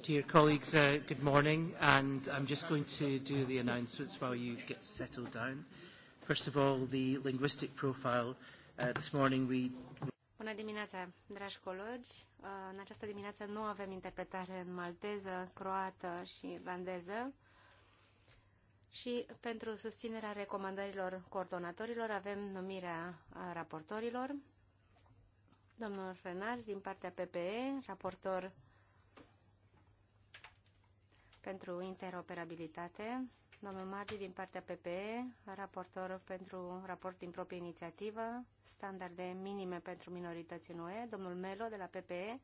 Dear colleagues, uh, good morning, and I'm just going to do the announcements while you get settled down. First of all, the linguistic profile. Uh, this morning we... Bună dimineața, dragi colegi. Uh, în această dimineață nu avem interpretare în malteză, croată și irlandeză. Și pentru susținerea recomandărilor coordonatorilor avem numirea uh, raportorilor. Domnul Renars din partea PPE, raportor pentru interoperabilitate, domnul Margi din partea PPE, raportor pentru raport din proprie inițiativă, standarde minime pentru minorități în UE, domnul Melo de la PPE,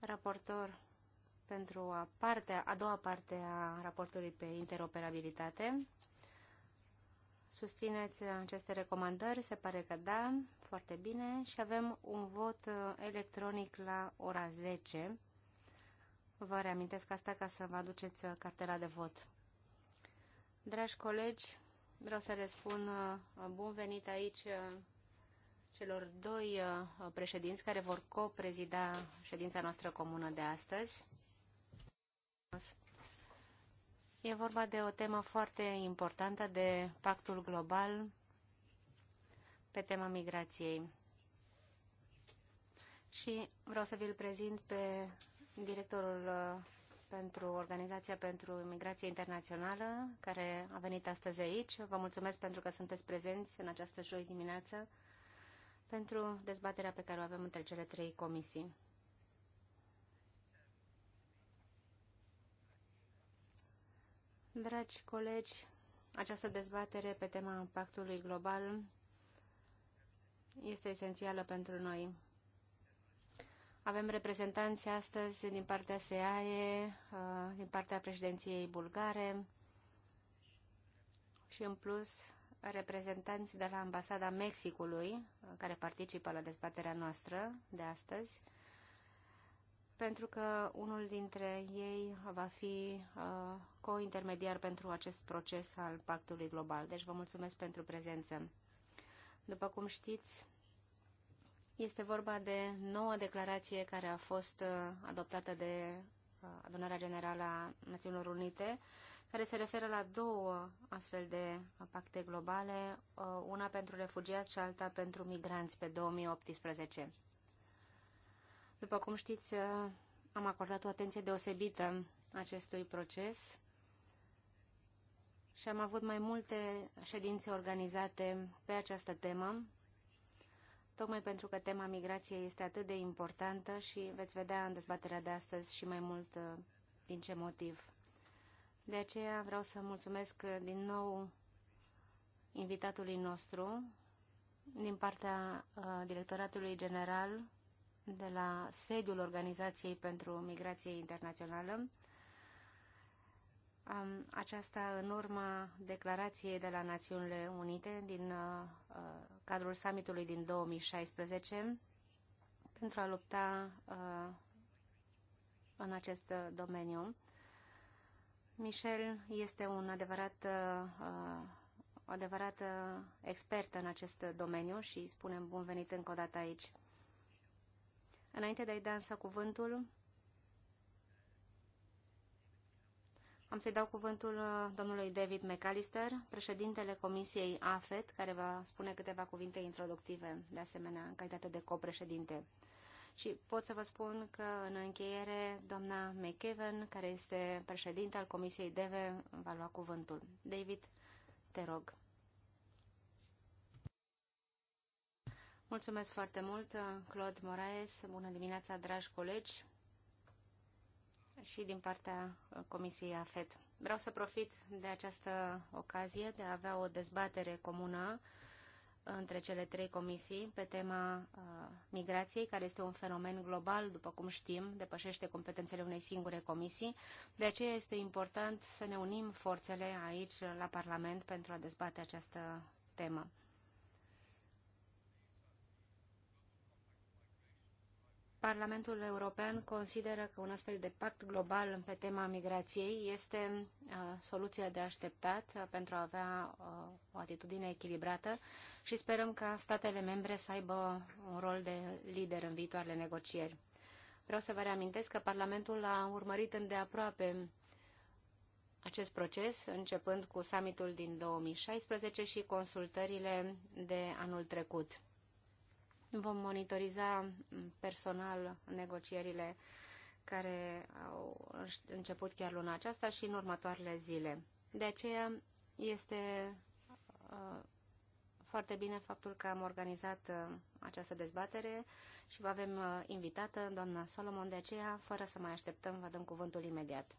raportor pentru a, partea, a doua parte a raportului pe interoperabilitate, Susțineți aceste recomandări? Se pare că da, foarte bine. Și avem un vot uh, electronic la ora 10. Vă reamintesc asta ca să vă aduceți uh, cartela de vot. Dragi colegi, vreau să le spun uh, bun venit aici celor doi președinți care vor coprezida ședința noastră comună de astăzi. E vorba de o temă foarte importantă de pactul global pe tema migrației. Și vreau să vi-l prezint pe directorul uh, pentru Organizația pentru Migrație Internațională, care a venit astăzi aici. Vă mulțumesc pentru că sunteți prezenți în această joi dimineață pentru dezbaterea pe care o avem între cele trei comisii. Dragi colegi, această dezbatere pe tema impactului global este esențială pentru noi. Avem reprezentanți astăzi din partea SEAE, uh, din partea președinției bulgare și în plus reprezentanți de la Ambasada Mexicului, uh, care participă la dezbaterea noastră de astăzi, pentru că unul dintre ei va fi uh, co-intermediar pentru acest proces al pactului global. Deci vă mulțumesc pentru prezență. După cum știți, este vorba de noua declarație care a fost uh, adoptată de uh, Adunarea Generală a Națiunilor Unite, care se referă la două astfel de pacte globale, uh, una pentru refugiați și alta pentru migranți pe 2018. După cum știți, uh, am acordat o atenție deosebită acestui proces și am avut mai multe ședințe organizate pe această temă, tocmai pentru că tema migrației este atât de importantă și veți vedea în dezbaterea de astăzi și mai mult uh, din ce motiv. De aceea vreau să mulțumesc uh, din nou invitatului nostru din partea Directoratului General de la sediul Organizației pentru Migrație Internațională, aceasta în urma declarației de la Națiunile Unite din uh, cadrul summitului din 2016 pentru a lupta uh, în acest domeniu. Michel este un adevărat, uh, adevărat expertă în acest domeniu și spunem bun venit încă o dată aici. Înainte de a-i da însă cuvântul, am să-i dau cuvântul uh, domnului David McAllister, președintele Comisiei AFET, care va spune câteva cuvinte introductive, de asemenea, în calitate de copreședinte. Și pot să vă spun că, în încheiere, doamna McEwen, care este președinte al Comisiei DEVE, va lua cuvântul. David, te rog. Mulțumesc foarte mult, Claude Moraes. Bună dimineața, dragi colegi și din partea Comisiei AFET. Vreau să profit de această ocazie de a avea o dezbatere comună între cele trei comisii pe tema uh, migrației, care este un fenomen global, după cum știm, depășește competențele unei singure comisii. De aceea este important să ne unim forțele aici la Parlament pentru a dezbate această temă. Parlamentul European consideră că un astfel de pact global pe tema migrației este uh, soluția de așteptat uh, pentru a avea uh, o atitudine echilibrată și sperăm ca statele membre să aibă un rol de lider în viitoarele negocieri. Vreau să vă reamintesc că Parlamentul a urmărit îndeaproape acest proces, începând cu summitul din 2016 și consultările de anul trecut. Vom monitoriza personal negocierile care au început chiar luna aceasta și în următoarele zile. De aceea este uh, foarte bine faptul că am organizat uh, această dezbatere și vă avem uh, invitată, doamna Solomon, de aceea, fără să mai așteptăm, vă dăm cuvântul imediat.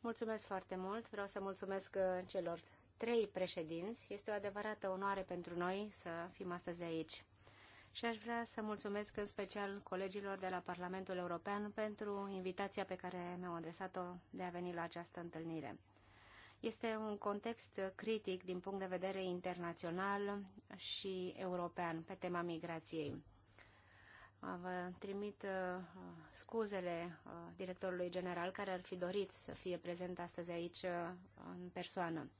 Mulțumesc foarte mult, vreau să mulțumesc celor trei președinți. Este o adevărată onoare pentru noi să fim astăzi aici și aș vrea să mulțumesc în special colegilor de la Parlamentul European pentru invitația pe care mi-au adresat-o de a veni la această întâlnire. Este un context critic din punct de vedere internațional și european pe tema migrației. Vă trimit uh, scuzele uh, directorului general care ar fi dorit să fie prezent astăzi aici uh, în persoană.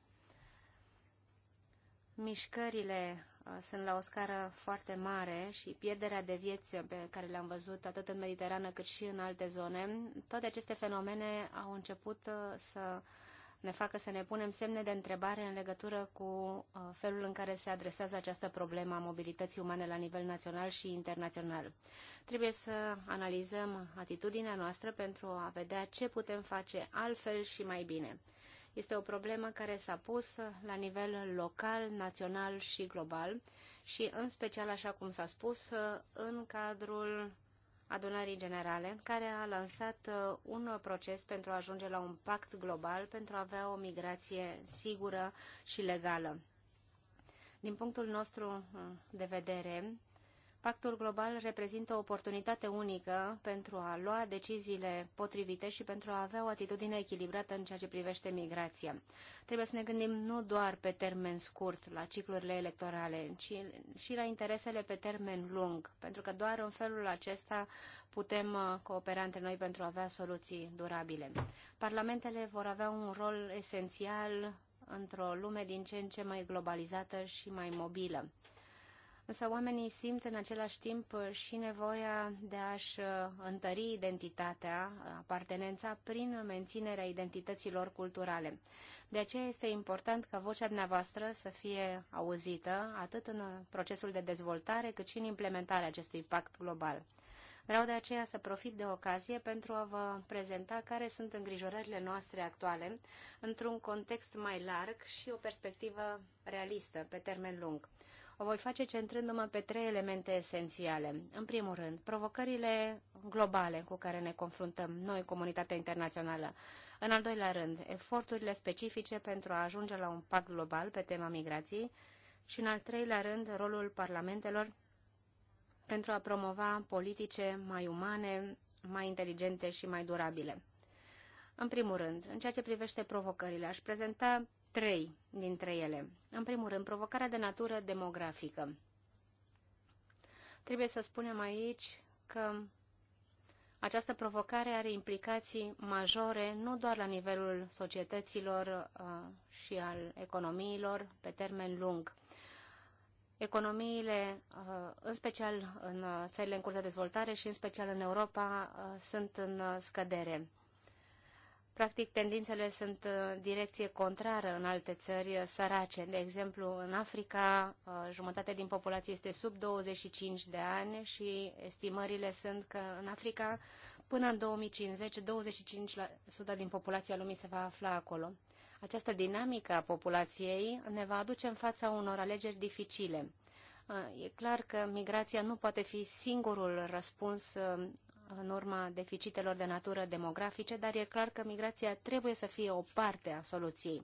Mișcările sunt la o scară foarte mare și pierderea de vieți pe care le-am văzut atât în Mediterană cât și în alte zone, toate aceste fenomene au început uh, să ne facă să ne punem semne de întrebare în legătură cu uh, felul în care se adresează această problemă a mobilității umane la nivel național și internațional. Trebuie să analizăm atitudinea noastră pentru a vedea ce putem face altfel și mai bine. Este o problemă care s-a pus la nivel local, național și global și în special, așa cum s-a spus, în cadrul adunării generale, care a lansat uh, un proces pentru a ajunge la un pact global pentru a avea o migrație sigură și legală. Din punctul nostru uh, de vedere, Pactul global reprezintă o oportunitate unică pentru a lua deciziile potrivite și pentru a avea o atitudine echilibrată în ceea ce privește migrația. Trebuie să ne gândim nu doar pe termen scurt la ciclurile electorale, ci și la interesele pe termen lung, pentru că doar în felul acesta putem uh, coopera între noi pentru a avea soluții durabile. Parlamentele vor avea un rol esențial într-o lume din ce în ce mai globalizată și mai mobilă însă oamenii simt în același timp uh, și nevoia de a-și uh, întări identitatea, uh, apartenența, prin menținerea identităților culturale. De aceea este important ca vocea dumneavoastră să fie auzită, atât în procesul de dezvoltare, cât și în implementarea acestui pact global. Vreau de aceea să profit de ocazie pentru a vă prezenta care sunt îngrijorările noastre actuale într-un context mai larg și o perspectivă realistă pe termen lung. O voi face centrându-mă pe trei elemente esențiale. În primul rând, provocările globale cu care ne confruntăm noi, comunitatea internațională. În al doilea rând, eforturile specifice pentru a ajunge la un pact global pe tema migrației. Și în al treilea rând, rolul parlamentelor pentru a promova politice mai umane, mai inteligente și mai durabile. În primul rând, în ceea ce privește provocările, aș prezenta trei dintre ele. În primul rând, provocarea de natură demografică. Trebuie să spunem aici că această provocare are implicații majore nu doar la nivelul societăților uh, și al economiilor pe termen lung. Economiile, uh, în special în uh, țările în curs de dezvoltare și în special în Europa, sunt în scădere. Practic, tendințele sunt uh, direcție contrară în alte țări uh, sărace. De exemplu, în Africa, uh, jumătate din populație este sub 25 de ani și estimările sunt că în Africa, până în 2050, 25% din populația lumii se va afla acolo. Această dinamică a populației ne va aduce în fața unor alegeri dificile. E clar că migrația nu poate fi singurul răspuns în urma deficitelor de natură demografice, dar e clar că migrația trebuie să fie o parte a soluției.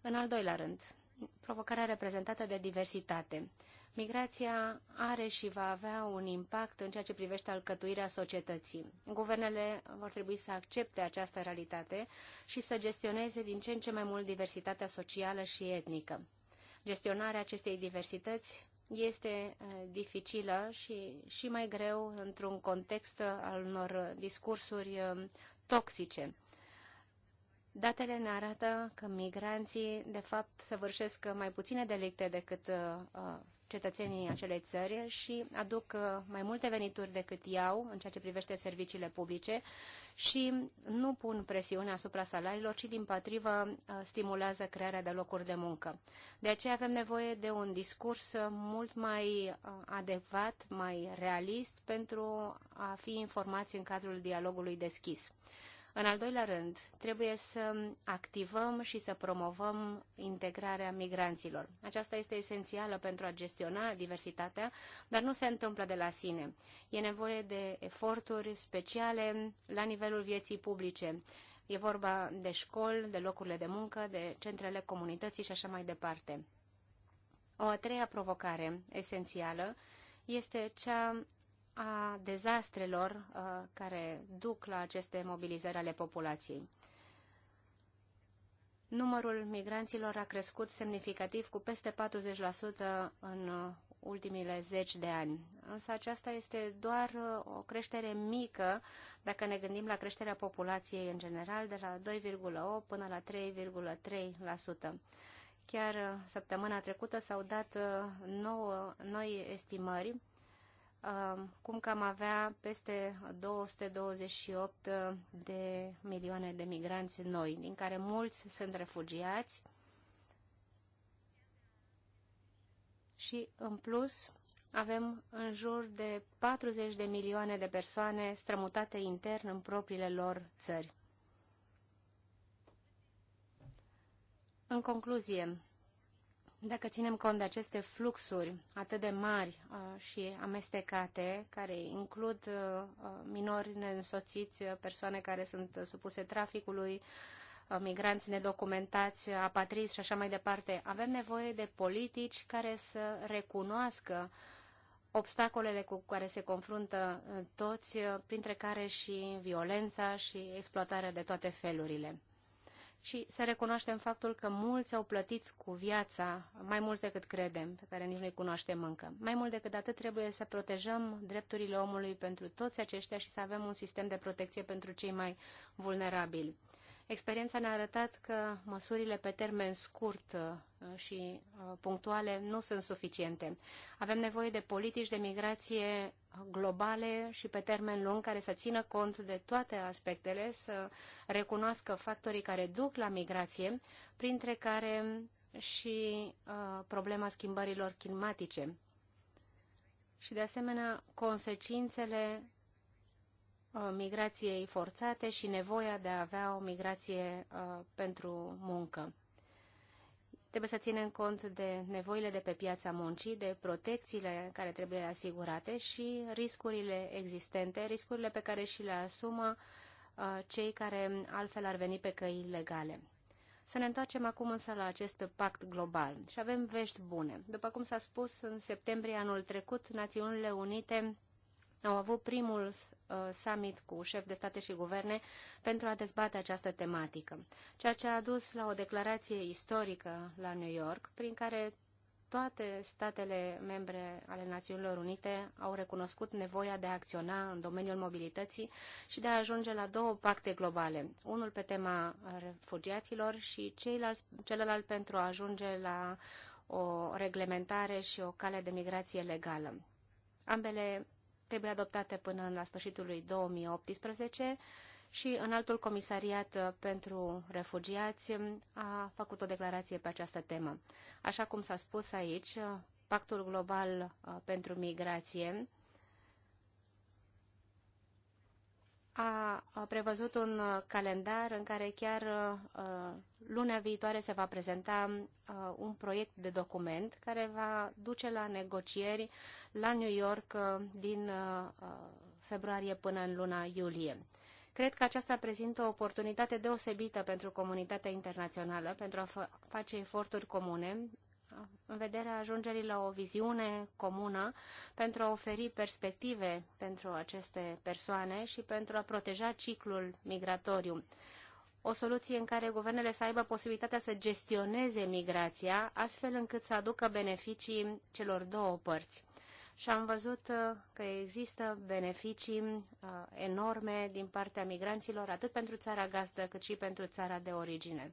În al doilea rând, provocarea reprezentată de diversitate. Migrația are și va avea un impact în ceea ce privește alcătuirea societății. Guvernele vor trebui să accepte această realitate și să gestioneze din ce în ce mai mult diversitatea socială și etnică. Gestionarea acestei diversități este uh, dificilă și, și mai greu într-un context uh, al unor discursuri um, toxice. Datele ne arată că migranții, de fapt, săvârșesc mai puține delicte decât uh, uh cetățenii acelei țări și aduc uh, mai multe venituri decât iau în ceea ce privește serviciile publice și nu pun presiune asupra salariilor, ci din patrivă uh, stimulează crearea de locuri de muncă. De aceea avem nevoie de un discurs uh, mult mai adecvat, mai realist pentru a fi informați în cadrul dialogului deschis. În al doilea rând, trebuie să activăm și să promovăm integrarea migranților. Aceasta este esențială pentru a gestiona diversitatea, dar nu se întâmplă de la sine. E nevoie de eforturi speciale la nivelul vieții publice. E vorba de școli, de locurile de muncă, de centrele comunității și așa mai departe. O a treia provocare esențială este cea a dezastrelor uh, care duc la aceste mobilizări ale populației. Numărul migranților a crescut semnificativ cu peste 40% în ultimile zeci de ani. Însă aceasta este doar uh, o creștere mică dacă ne gândim la creșterea populației în general, de la 2,8 până la 3,3%. Chiar uh, săptămâna trecută s-au dat nouă, noi estimări Um, cum că am avea peste 228 uh, de milioane de migranți noi, din care mulți sunt refugiați și, în plus, avem în jur de 40 de milioane de persoane strămutate intern în propriile lor țări. În concluzie, dacă ținem cont de aceste fluxuri atât de mari uh, și amestecate, care includ uh, uh minori neînsoțiți, uh, persoane care sunt supuse traficului, uh, migranți nedocumentați, apatrizi și așa mai departe, avem nevoie de politici care să recunoască obstacolele cu care se confruntă uh, toți, printre care și violența și exploatarea de toate felurile și să recunoaștem faptul că mulți au plătit cu viața mai mult decât credem, pe care nici nu-i cunoaștem încă. Mai mult decât atât trebuie să protejăm drepturile omului pentru toți aceștia și să avem un sistem de protecție pentru cei mai vulnerabili. Experiența ne-a arătat că măsurile pe termen scurt uh, și uh, punctuale nu sunt suficiente. Avem nevoie de politici de migrație globale și pe termen lung care să țină cont de toate aspectele, să recunoască factorii care duc la migrație, printre care și uh, problema schimbărilor climatice și de asemenea consecințele Uh, migrației forțate și nevoia de a avea o migrație uh, pentru muncă. Trebuie să ținem cont de nevoile de pe piața muncii, de protecțiile care trebuie asigurate și riscurile existente, riscurile pe care și le asumă uh, cei care altfel ar veni pe căi legale. Să ne întoarcem acum însă la acest pact global și avem vești bune. După cum s-a spus, în septembrie anul trecut, Națiunile Unite au avut primul uh, summit cu șef de state și guverne pentru a dezbate această tematică, ceea ce a dus la o declarație istorică la New York, prin care toate statele membre ale Națiunilor Unite au recunoscut nevoia de a acționa în domeniul mobilității și de a ajunge la două pacte globale, unul pe tema refugiaților și celălalt pentru a ajunge la o reglementare și o cale de migrație legală. Ambele trebuie adoptate până la sfârșitul lui 2018 și în altul comisariat uh, pentru refugiați um, a făcut o declarație pe această temă. Așa cum s-a spus aici, uh, Pactul Global uh, pentru Migrație a prevăzut un uh, calendar în care chiar uh, uh, luna viitoare se va prezenta un proiect de document care va duce la negocieri la New York din februarie până în luna iulie. Cred că aceasta prezintă o oportunitate deosebită pentru comunitatea internațională pentru a face eforturi comune în vederea ajungerii la o viziune comună pentru a oferi perspective pentru aceste persoane și pentru a proteja ciclul migratoriu. O soluție în care guvernele să aibă posibilitatea să gestioneze migrația, astfel încât să aducă beneficii celor două părți și am văzut uh, că există beneficii uh, enorme din partea migranților, atât pentru țara gazdă, cât și pentru țara de origine.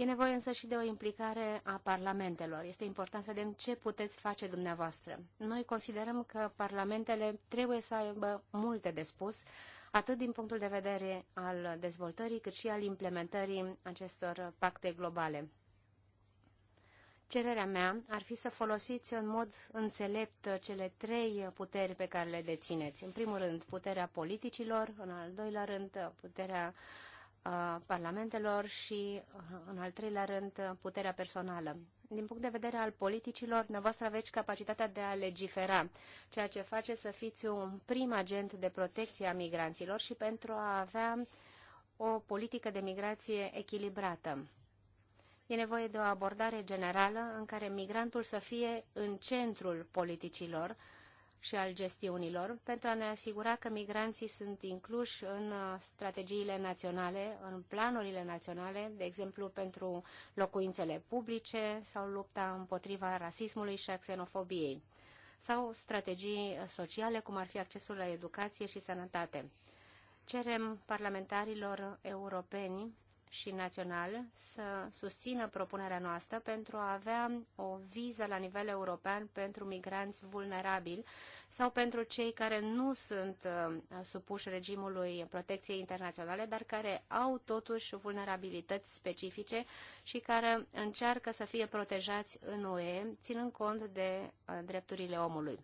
E nevoie însă și de o implicare a parlamentelor. Este important să vedem ce puteți face dumneavoastră. Noi considerăm că parlamentele trebuie să aibă multe de spus, atât din punctul de vedere al dezvoltării, cât și al implementării acestor pacte globale. Cererea mea ar fi să folosiți în mod înțelept cele trei puteri pe care le dețineți. În primul rând, puterea politicilor, în al doilea rând, puterea uh, parlamentelor și, în al treilea rând, puterea personală. Din punct de vedere al politicilor, dumneavoastră aveți capacitatea de a legifera, ceea ce face să fiți un prim agent de protecție a migranților și pentru a avea o politică de migrație echilibrată. E nevoie de o abordare generală în care migrantul să fie în centrul politicilor, și al gestiunilor pentru a ne asigura că migranții sunt incluși în uh, strategiile naționale, în planurile naționale, de exemplu pentru locuințele publice sau lupta împotriva rasismului și a xenofobiei sau strategii sociale, cum ar fi accesul la educație și sănătate. Cerem parlamentarilor europeni și național să susțină propunerea noastră pentru a avea o viză la nivel european pentru migranți vulnerabili sau pentru cei care nu sunt uh, supuși regimului protecției internaționale, dar care au totuși vulnerabilități specifice și care încearcă să fie protejați în UE, ținând cont de uh, drepturile omului.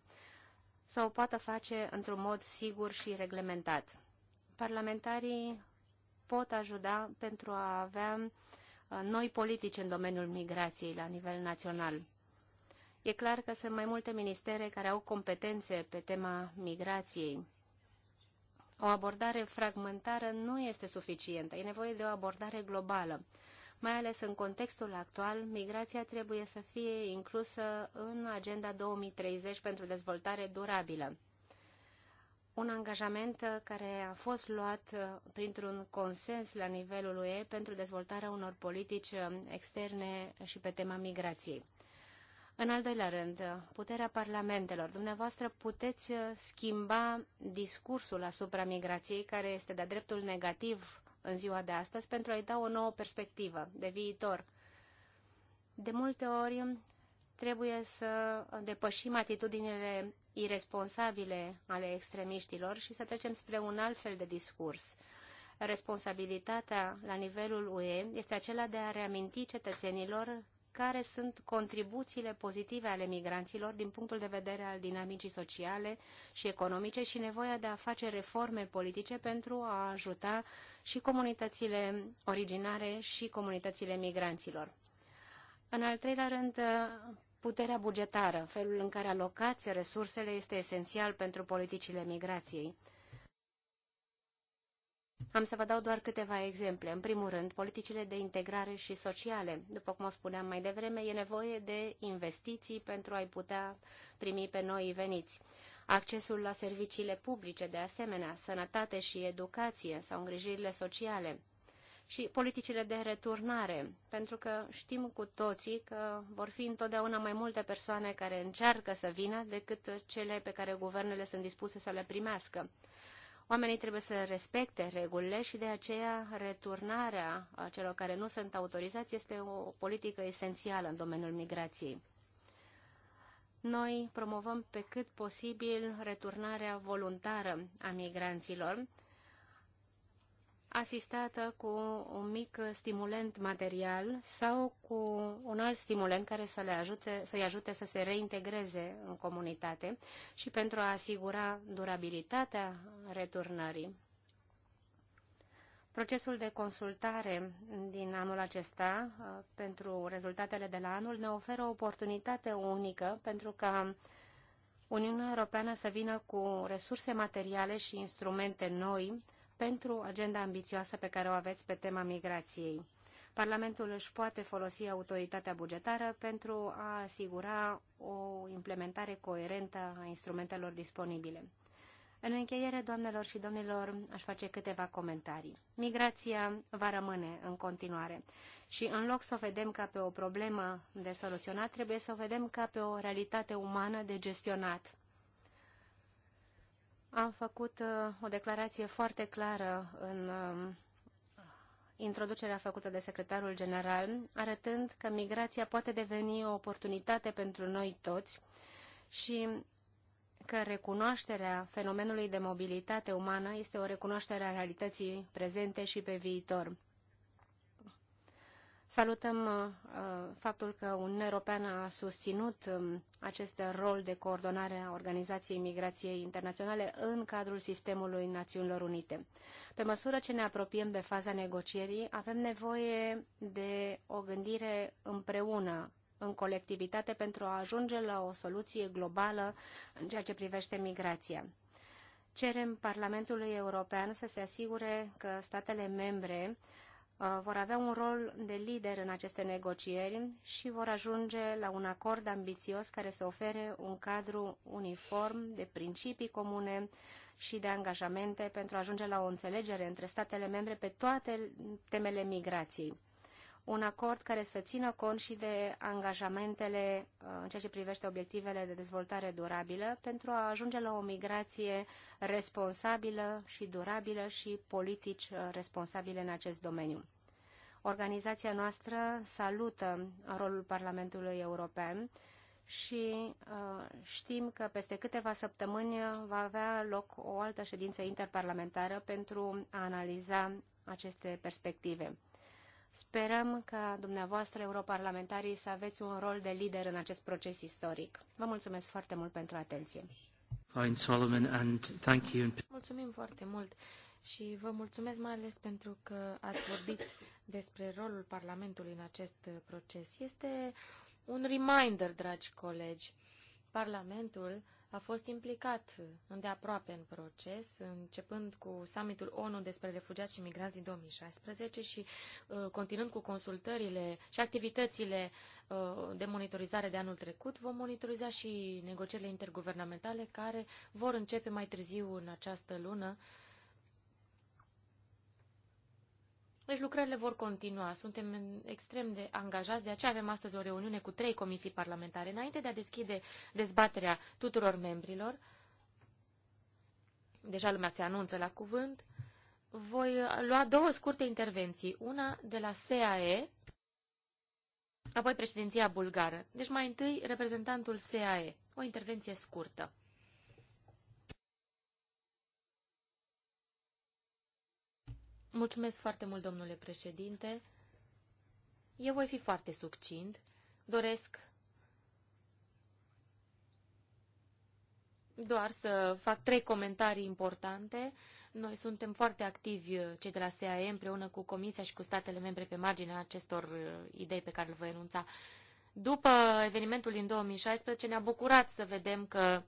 sau o poată face într-un mod sigur și reglementat. Parlamentarii pot ajuta pentru a avea uh, noi politici în domeniul migrației la nivel național. E clar că sunt mai multe ministere care au competențe pe tema migrației. O abordare fragmentară nu este suficientă, e nevoie de o abordare globală. Mai ales în contextul actual, migrația trebuie să fie inclusă în Agenda 2030 pentru dezvoltare durabilă un angajament uh, care a fost luat uh, printr-un consens la nivelul UE pentru dezvoltarea unor politici uh, externe și pe tema migrației. În al doilea rând, puterea parlamentelor. Dumneavoastră puteți schimba discursul asupra migrației, care este de-a dreptul negativ în ziua de astăzi, pentru a-i da o nouă perspectivă de viitor. De multe ori trebuie să depășim atitudinile iresponsabile ale extremiștilor și să trecem spre un alt fel de discurs. Responsabilitatea la nivelul UE este acela de a reaminti cetățenilor care sunt contribuțiile pozitive ale migranților din punctul de vedere al dinamicii sociale și economice și nevoia de a face reforme politice pentru a ajuta și comunitățile originare și comunitățile migranților. În al treilea rând, Puterea bugetară, felul în care alocați resursele, este esențial pentru politicile migrației. Am să vă dau doar câteva exemple. În primul rând, politicile de integrare și sociale. După cum o spuneam mai devreme, e nevoie de investiții pentru a-i putea primi pe noi veniți. Accesul la serviciile publice, de asemenea, sănătate și educație sau îngrijirile sociale și politicile de returnare, pentru că știm cu toții că vor fi întotdeauna mai multe persoane care încearcă să vină decât cele pe care guvernele sunt dispuse să le primească. Oamenii trebuie să respecte regulile și de aceea returnarea celor care nu sunt autorizați este o politică esențială în domeniul migrației. Noi promovăm pe cât posibil returnarea voluntară a migranților, asistată cu un mic stimulent material sau cu un alt stimulent care să le ajute, să-i ajute să se reintegreze în comunitate și pentru a asigura durabilitatea returnării. Procesul de consultare din anul acesta uh, pentru rezultatele de la anul ne oferă o oportunitate unică pentru ca Uniunea Europeană să vină cu resurse materiale și instrumente noi pentru agenda ambițioasă pe care o aveți pe tema migrației. Parlamentul își poate folosi autoritatea bugetară pentru a asigura o implementare coerentă a instrumentelor disponibile. În încheiere, doamnelor și domnilor, aș face câteva comentarii. Migrația va rămâne în continuare și în loc să o vedem ca pe o problemă de soluționat, trebuie să o vedem ca pe o realitate umană de gestionat. Am făcut uh, o declarație foarte clară în um, introducerea făcută de secretarul general, arătând că migrația poate deveni o oportunitate pentru noi toți și că recunoașterea fenomenului de mobilitate umană este o recunoaștere a realității prezente și pe viitor. Salutăm uh, uh, faptul că Uniunea Europeană a susținut um, acest rol de coordonare a Organizației Migrației Internaționale în cadrul sistemului Națiunilor Unite. Pe măsură ce ne apropiem de faza negocierii, avem nevoie de o gândire împreună în colectivitate pentru a ajunge la o soluție globală în ceea ce privește migrația. Cerem Parlamentului European să se asigure că statele membre Uh, vor avea un rol de lider în aceste negocieri și vor ajunge la un acord ambițios care să ofere un cadru uniform de principii comune și de angajamente pentru a ajunge la o înțelegere între statele membre pe toate temele migrației un acord care să țină cont și de angajamentele uh, în ceea ce privește obiectivele de dezvoltare durabilă pentru a ajunge la o migrație responsabilă și durabilă și politici uh, responsabile în acest domeniu. Organizația noastră salută rolul Parlamentului European și uh, știm că peste câteva săptămâni va avea loc o altă ședință interparlamentară pentru a analiza aceste perspective. Sperăm ca dumneavoastră, europarlamentarii, să aveți un rol de lider în acest proces istoric. Vă mulțumesc foarte mult pentru atenție. and thank you. Mulțumim foarte mult și vă mulțumesc mai ales pentru că ați vorbit despre rolul Parlamentului în acest proces. Este un reminder, dragi colegi. Parlamentul a fost implicat îndeaproape în proces, începând cu summitul ONU despre refugiați și migranți din 2016 și uh, continuând cu consultările și activitățile uh, de monitorizare de anul trecut, vom monitoriza și negocierile interguvernamentale care vor începe mai târziu în această lună uh, Deci lucrările vor continua. Suntem extrem de angajați, de aceea avem astăzi o reuniune cu trei comisii parlamentare. Înainte de a deschide dezbaterea tuturor membrilor, deja lumea se anunță la cuvânt, voi lua două scurte intervenții. Una de la SAE, apoi președinția bulgară. Deci mai întâi reprezentantul SAE. O intervenție scurtă. Mulțumesc foarte mult, domnule președinte. Eu voi fi foarte succint. Doresc doar să fac trei comentarii importante. Noi suntem foarte activi, uh, cei de la SAE, împreună cu Comisia și cu statele membre pe marginea acestor uh, idei pe care le voi enunța. După evenimentul din 2016 ne-a bucurat să vedem că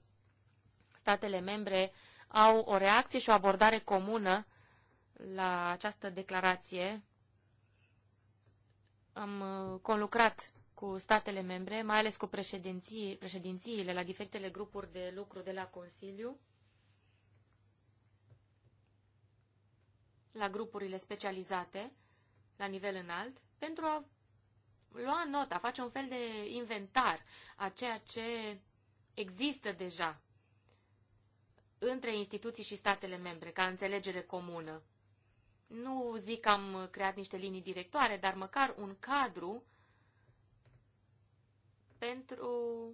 statele membre au o reacție și o abordare comună la această declarație. Am uh, conlucrat cu statele membre, mai ales cu președinții, președințiile la diferitele grupuri de lucru de la Consiliu, la grupurile specializate, la nivel înalt, pentru a lua nota, a face un fel de inventar a ceea ce există deja între instituții și statele membre, ca înțelegere comună. Nu zic că am creat niște linii directoare, dar măcar un cadru pentru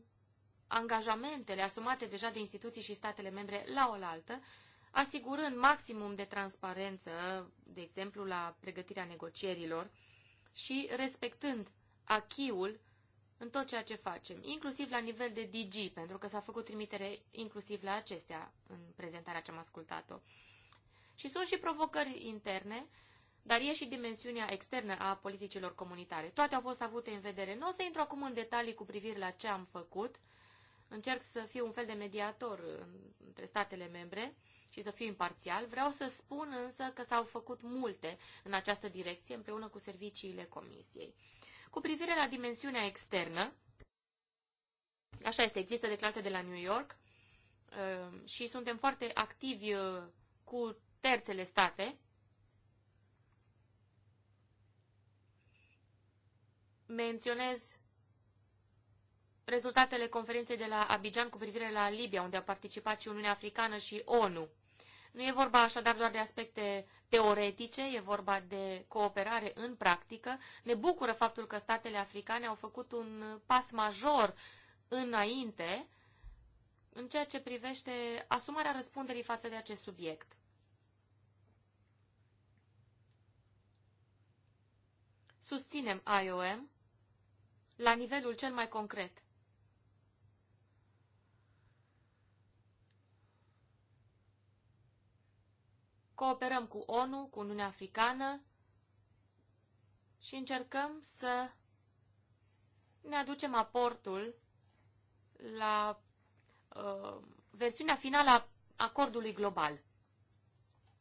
angajamentele asumate deja de instituții și statele membre la oaltă, asigurând maximum de transparență, de exemplu, la pregătirea negocierilor și respectând achiul în tot ceea ce facem, inclusiv la nivel de DG, pentru că s-a făcut trimitere inclusiv la acestea în prezentarea ce am ascultat-o. Și sunt și provocări interne, dar e și dimensiunea externă a politicilor comunitare. Toate au fost avute în vedere. Nu o să intru acum în detalii cu privire la ce am făcut. Încerc să fiu un fel de mediator între statele membre și să fiu imparțial. Vreau să spun însă că s-au făcut multe în această direcție împreună cu serviciile Comisiei. Cu privire la dimensiunea externă, așa este, există declarația de la New York uh, și suntem foarte activi uh, cu terțele state, menționez rezultatele conferinței de la Abidjan cu privire la Libia, unde a participat și Uniunea Africană și ONU. Nu e vorba așadar doar de aspecte teoretice, e vorba de cooperare în practică. Ne bucură faptul că statele africane au făcut un pas major înainte în ceea ce privește asumarea răspunderii față de acest subiect. susținem IOM la nivelul cel mai concret. Cooperăm cu ONU, cu Uniunea Africană și încercăm să ne aducem aportul la uh, versiunea finală a acordului global,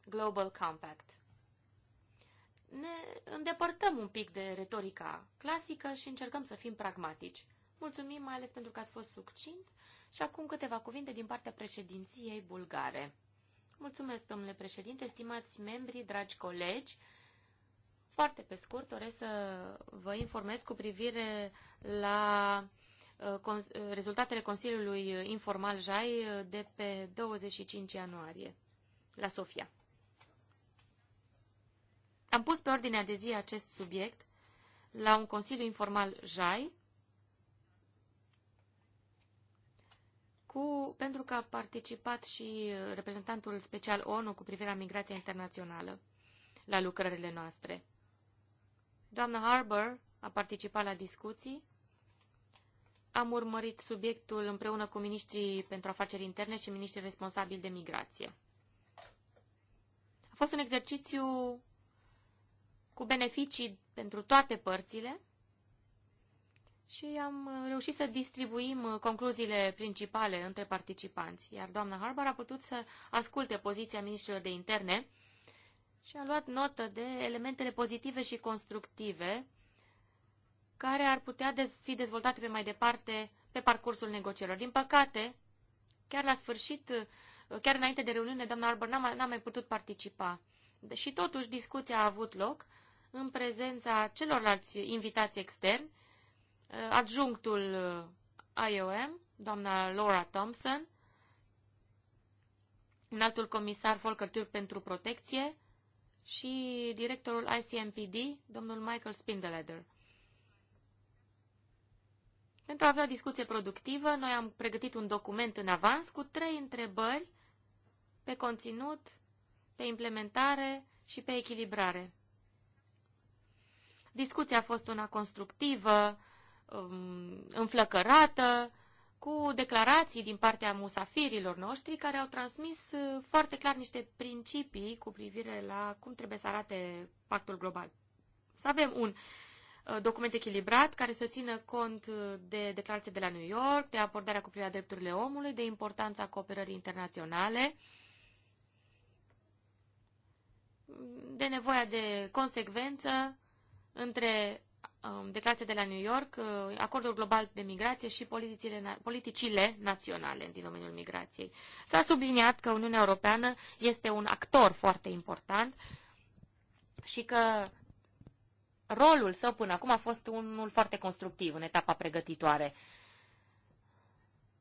Global Compact ne îndepărtăm un pic de retorica clasică și încercăm să fim pragmatici. Mulțumim mai ales pentru că ați fost succint și acum câteva cuvinte din partea președinției bulgare. Mulțumesc, domnule președinte, stimați membri, dragi colegi. Foarte pe scurt, doresc să vă informez cu privire la uh, uh, rezultatele Consiliului Informal JAI uh, de pe 25 ianuarie la Sofia. Am pus pe ordinea de zi acest subiect la un consiliu informal JAI, cu, pentru că a participat și uh, reprezentantul special ONU cu privire la migrația internațională la lucrările noastre. Doamna Harbour a participat la discuții, am urmărit subiectul împreună cu ministrii pentru afaceri interne și ministrii responsabili de migrație. A fost un exercițiu cu beneficii pentru toate părțile și am reușit să distribuim uh, concluziile principale între participanți, iar doamna Harbar a putut să asculte poziția ministrilor de interne și a luat notă de elementele pozitive și constructive care ar putea fi dezvoltate pe mai departe pe parcursul negocierilor. Din păcate, chiar la sfârșit, uh, chiar înainte de reuniune, doamna Harbour n-a mai, mai putut participa. Și totuși discuția a avut loc în prezența celorlalți invitați externi, eh, adjunctul eh, IOM, doamna Laura Thompson, altul comisar Volker Türk pentru protecție și directorul ICMPD, domnul Michael Spindeleder. Pentru a avea o discuție productivă, noi am pregătit un document în avans cu trei întrebări pe conținut, pe implementare și pe echilibrare. Discuția a fost una constructivă, um, înflăcărată, cu declarații din partea musafirilor noștri care au transmis uh, foarte clar niște principii cu privire la cum trebuie să arate pactul global. Să avem un uh, document echilibrat care să țină cont uh, de declarația de la New York, de abordarea cu privire la drepturile omului, de importanța cooperării internaționale, de nevoia de consecvență între um, declarația de la New York, uh, acordul global de migrație și politicile, politicile naționale din domeniul migrației. S-a subliniat că Uniunea Europeană este un actor foarte important și că rolul său până acum a fost unul foarte constructiv în etapa pregătitoare.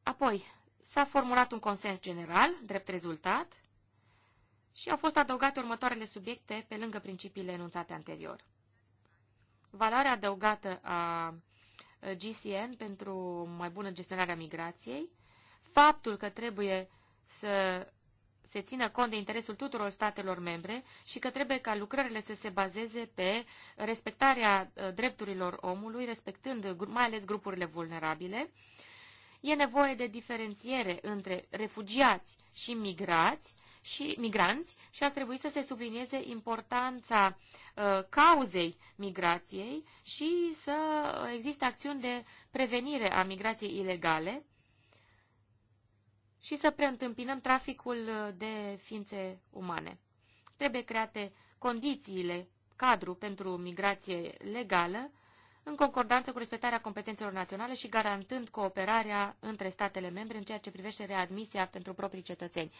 Apoi, s-a formulat un consens general, drept rezultat, și au fost adăugate următoarele subiecte pe lângă principiile enunțate anterior valoarea adăugată a GCN pentru mai bună gestionarea migrației, faptul că trebuie să se țină cont de interesul tuturor statelor membre și că trebuie ca lucrările să se bazeze pe respectarea drepturilor omului, respectând mai ales grupurile vulnerabile. E nevoie de diferențiere între refugiați și migrați și migranți și ar trebui să se sublinieze importanța uh, cauzei migrației și să existe acțiuni de prevenire a migrației ilegale și să preîntâmpinăm traficul uh, de ființe umane. Trebuie create condițiile, cadru pentru migrație legală, în concordanță cu respectarea competențelor naționale și garantând cooperarea între statele membre în ceea ce privește readmisia pentru proprii cetățeni.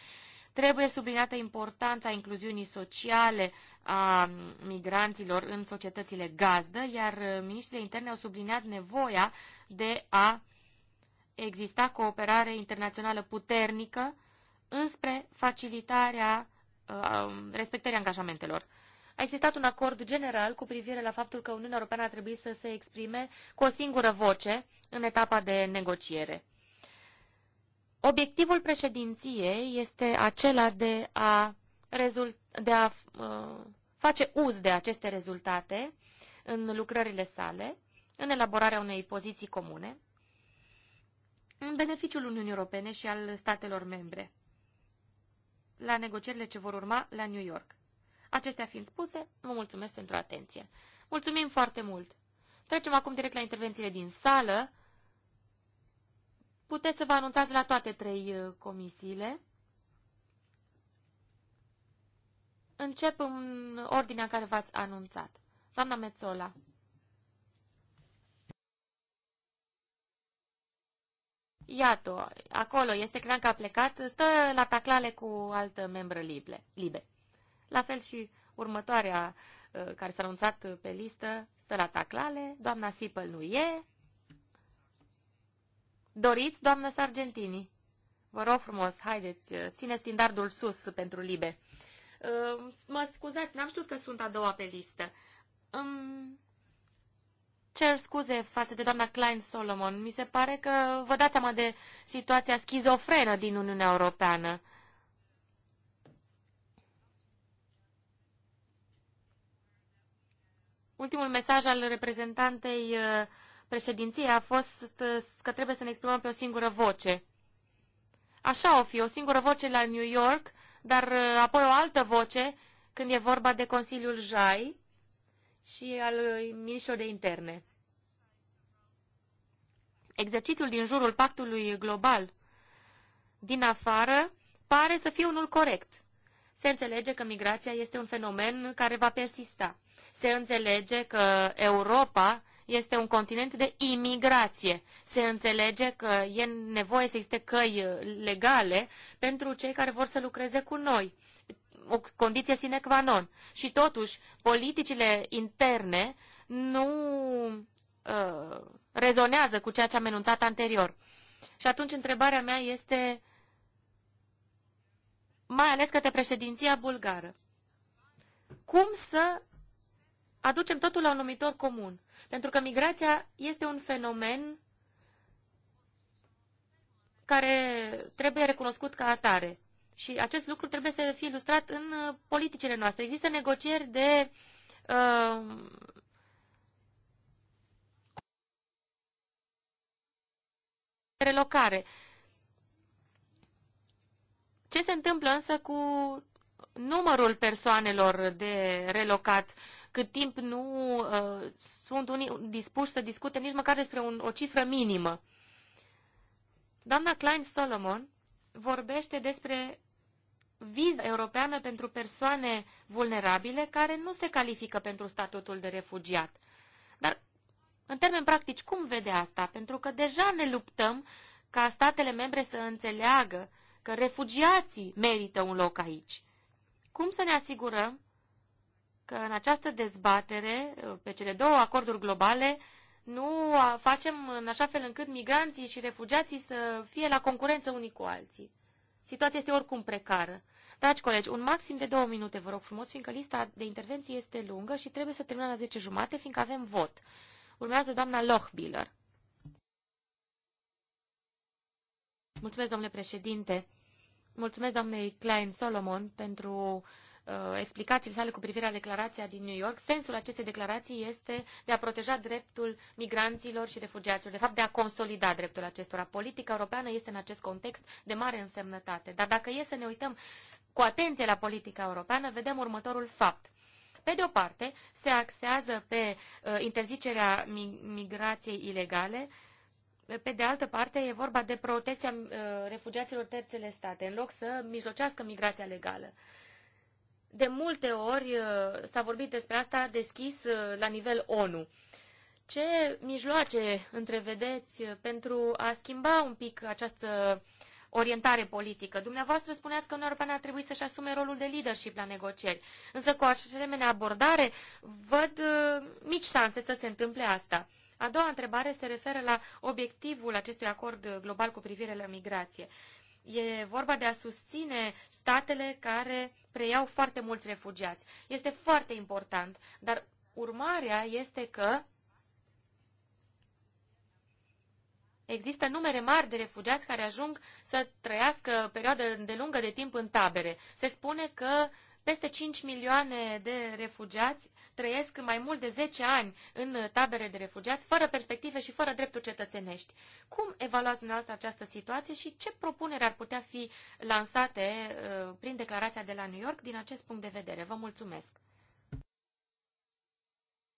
Trebuie subliniată importanța incluziunii sociale a migranților în societățile gazdă, iar ministrii interne au subliniat nevoia de a exista cooperare internațională puternică înspre facilitarea uh, respectării angajamentelor. A existat un acord general cu privire la faptul că Uniunea Europeană a trebuit să se exprime cu o singură voce în etapa de negociere. Obiectivul președinției este acela de a, rezult, de a uh, face uz de aceste rezultate în lucrările sale, în elaborarea unei poziții comune, în beneficiul Uniunii Europene și al statelor membre, la negocierile ce vor urma la New York. Acestea fiind spuse, vă mulțumesc pentru atenție. Mulțumim foarte mult! Trecem acum direct la intervențiile din sală puteți să vă anunțați la toate trei uh, comisiile. Încep în ordinea în care v-ați anunțat. Doamna Mețola. Iată, acolo este, clar că a plecat, stă la taclale cu altă membră libe. libe. La fel și următoarea uh, care s-a anunțat pe listă, stă la taclale, doamna Sipăl nu e, Doriți, doamnă Sargentini? Vă rog frumos, haideți, uh, țineți standardul sus pentru libe. Uh, mă scuzați, n-am știut că sunt a doua pe listă. Um, cer scuze față de doamna Klein Solomon. Mi se pare că vă dați seama de situația schizofrenă din Uniunea Europeană. Ultimul mesaj al reprezentantei uh, președinției a fost ă, că trebuie să ne exprimăm pe o singură voce. Așa o fi, o singură voce la New York, dar ă, apoi o altă voce când e vorba de Consiliul JAI și al ă, Ministrului de Interne. Exercițiul din jurul pactului global din afară pare să fie unul corect. Se înțelege că migrația este un fenomen care va persista. Se înțelege că Europa este un continent de imigrație. Se înțelege că e nevoie să existe căi uh, legale pentru cei care vor să lucreze cu noi. O condiție sine qua non. Și totuși, politicile interne nu uh, rezonează cu ceea ce am enunțat anterior. Și atunci întrebarea mea este, mai ales către președinția bulgară, cum să aducem totul la un numitor comun? Pentru că migrația este un fenomen care trebuie recunoscut ca atare. Și acest lucru trebuie să fie ilustrat în uh, politicile noastre. Există negocieri de uh, relocare. Ce se întâmplă însă cu numărul persoanelor de relocat cât timp nu uh, sunt unii dispuși să discute nici măcar despre un, o cifră minimă. Doamna Klein Solomon vorbește despre viză europeană pentru persoane vulnerabile care nu se califică pentru statutul de refugiat. Dar, în termeni practici, cum vede asta? Pentru că deja ne luptăm ca statele membre să înțeleagă că refugiații merită un loc aici. Cum să ne asigurăm că în această dezbatere pe cele două acorduri globale nu facem în așa fel încât migranții și refugiații să fie la concurență unii cu alții. Situația este oricum precară. Dragi colegi, un maxim de două minute, vă rog frumos, fiindcă lista de intervenții este lungă și trebuie să terminăm la 10 jumate, fiindcă avem vot. Urmează doamna Lochbiller. Mulțumesc, domnule președinte. Mulțumesc, doamnei Klein Solomon, pentru uh, uh, explicațiile sale cu privire la declarația din New York, sensul acestei declarații este de a proteja dreptul migranților și refugiaților, de fapt de a consolida dreptul acestora. Politica europeană este în acest context de mare însemnătate. Dar dacă e să ne uităm cu atenție la politica europeană, vedem următorul fapt. Pe de o parte, se axează pe uh, interzicerea migrației ilegale, pe de altă parte, e vorba de protecția uh, refugiaților terțele state, în loc să mijlocească migrația legală. Uh, de multe ori uh, s-a vorbit despre asta deschis uh, la nivel ONU. Ce mijloace întrevedeți uh, pentru a schimba un pic această orientare politică? Dumneavoastră spuneați că Uniunea Europeană ar trebui să-și asume rolul de leadership la negocieri, însă cu asemenea abordare văd mici șanse să se întâmple asta. A doua întrebare se referă la obiectivul acestui acord global cu privire la migrație. E vorba de a susține statele care preiau foarte mulți refugiați. Este foarte important, dar urmarea este că Există numere mari de refugiați care ajung să trăiască perioadă de lungă de timp în tabere. Se spune că peste 5 milioane de refugiați trăiesc mai mult de 10 ani în tabere de refugiați, fără perspective și fără drepturi cetățenești. Cum evaluați dumneavoastră această situație și ce propuneri ar putea fi lansate uh, prin declarația de la New York din acest punct de vedere? Vă mulțumesc!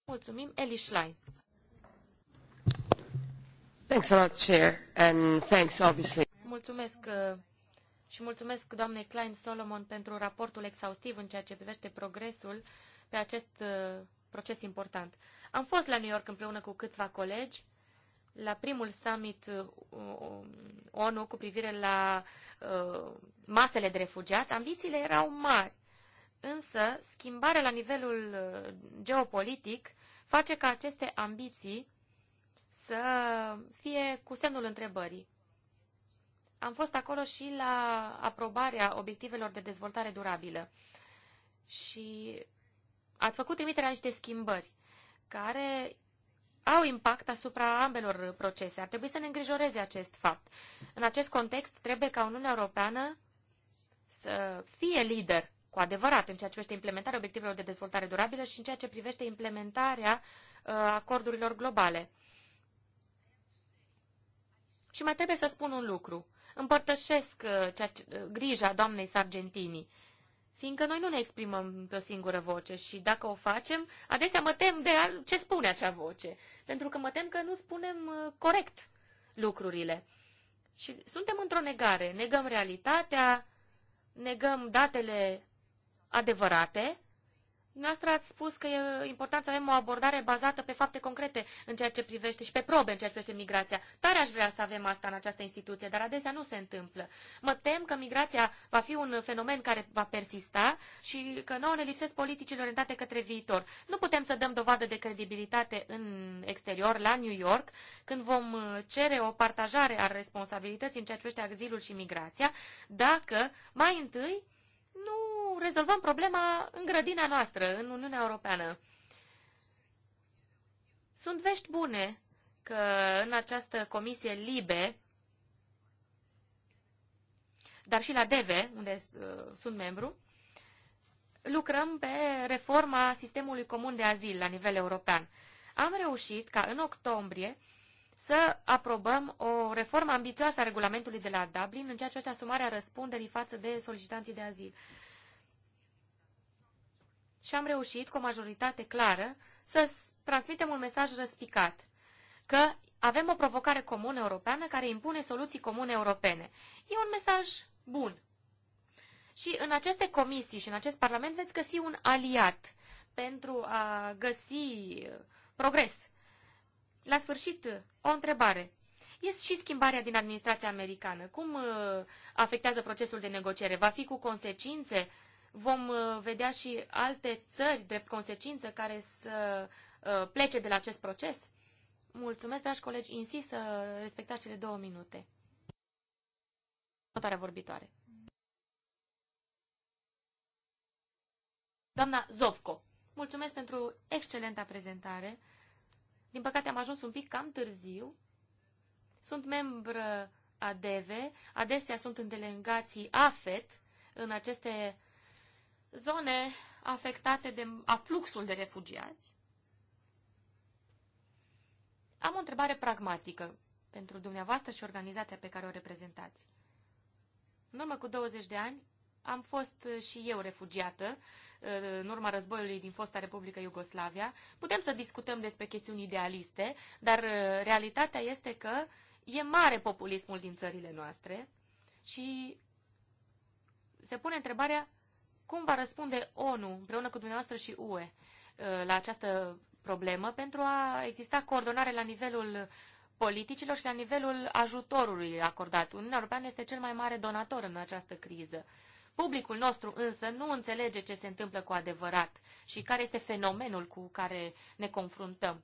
Mulțumim, Eli Schlein. Thanks a lot, Chair, and thanks, obviously. Mulțumesc, uh, și mulțumesc doamnei Klein Solomon pentru raportul exhaustiv în ceea ce privește progresul pe acest uh, proces important. Am fost la New York împreună cu câțiva colegi la primul summit uh, um, ONU cu privire la uh, masele de refugiați. Ambițiile erau mari, însă schimbarea la nivelul uh, geopolitic face ca aceste ambiții să fie cu semnul întrebării. Am fost acolo și la aprobarea obiectivelor de dezvoltare durabilă și ați făcut trimiterea niște schimbări care au impact asupra ambelor procese. Ar trebui să ne îngrijoreze acest fapt. În acest context, trebuie ca Uniunea Europeană să fie lider cu adevărat în ceea ce privește implementarea obiectivelor de dezvoltare durabilă și în ceea ce privește implementarea uh, acordurilor globale. Și mai trebuie să spun un lucru. Împărtășesc uh, ceea ce, uh, grija doamnei Sargentini. Uh, fiindcă noi nu ne exprimăm pe o singură voce și dacă o facem, adesea mă tem de ce spune acea voce, pentru că mă tem că nu spunem uh, corect lucrurile. Și suntem într-o negare, negăm realitatea, negăm datele adevărate Noastră ați spus că e important să avem o abordare bazată pe fapte concrete în ceea ce privește și pe probe în ceea ce privește migrația. Tare aș vrea să avem asta în această instituție, dar adesea nu se întâmplă. Mă tem că migrația va fi un fenomen care va persista și că nouă ne lipsesc politicile orientate către viitor. Nu putem să dăm dovadă de credibilitate în exterior, la New York, când vom uh, cere o partajare a responsabilității în ceea ce privește axilul și migrația, dacă mai întâi nu rezolvăm problema în grădina noastră, în Uniunea Europeană. Sunt vești bune că în această comisie libe, dar și la DEVE, unde uh, sunt membru, lucrăm pe reforma sistemului comun de azil la nivel european. Am reușit ca în octombrie să aprobăm o reformă ambițioasă a regulamentului de la Dublin în ceea ce face asumarea răspunderii față de solicitanții de azil. Și am reușit, cu o majoritate clară, să transmitem un mesaj răspicat, că avem o provocare comună europeană care impune soluții comune europene. E un mesaj bun. Și în aceste comisii și în acest parlament veți găsi un aliat pentru a găsi progres la sfârșit, o întrebare. Este și schimbarea din administrația americană. Cum uh, afectează procesul de negociere? Va fi cu consecințe? Vom uh, vedea și alte țări drept consecință care să uh, plece de la acest proces? Mulțumesc, dragi colegi. Insist să respectați cele două minute. Notarea vorbitoare. Doamna Zovco, mulțumesc pentru excelenta prezentare. Din păcate am ajuns un pic cam târziu. Sunt membră a DEVE, adesea sunt în delegații AFET, în aceste zone afectate de afluxul de refugiați. Am o întrebare pragmatică pentru dumneavoastră și organizația pe care o reprezentați. În urmă cu 20 de ani, am fost și eu refugiată uh, în urma războiului din fosta Republică Iugoslavia. Putem să discutăm despre chestiuni idealiste, dar uh, realitatea este că e mare populismul din țările noastre și se pune întrebarea cum va răspunde ONU împreună cu dumneavoastră și UE uh, la această problemă pentru a exista coordonare la nivelul politicilor și la nivelul ajutorului acordat. Uniunea Europeană este cel mai mare donator în această criză. Publicul nostru însă nu înțelege ce se întâmplă cu adevărat și care este fenomenul cu care ne confruntăm.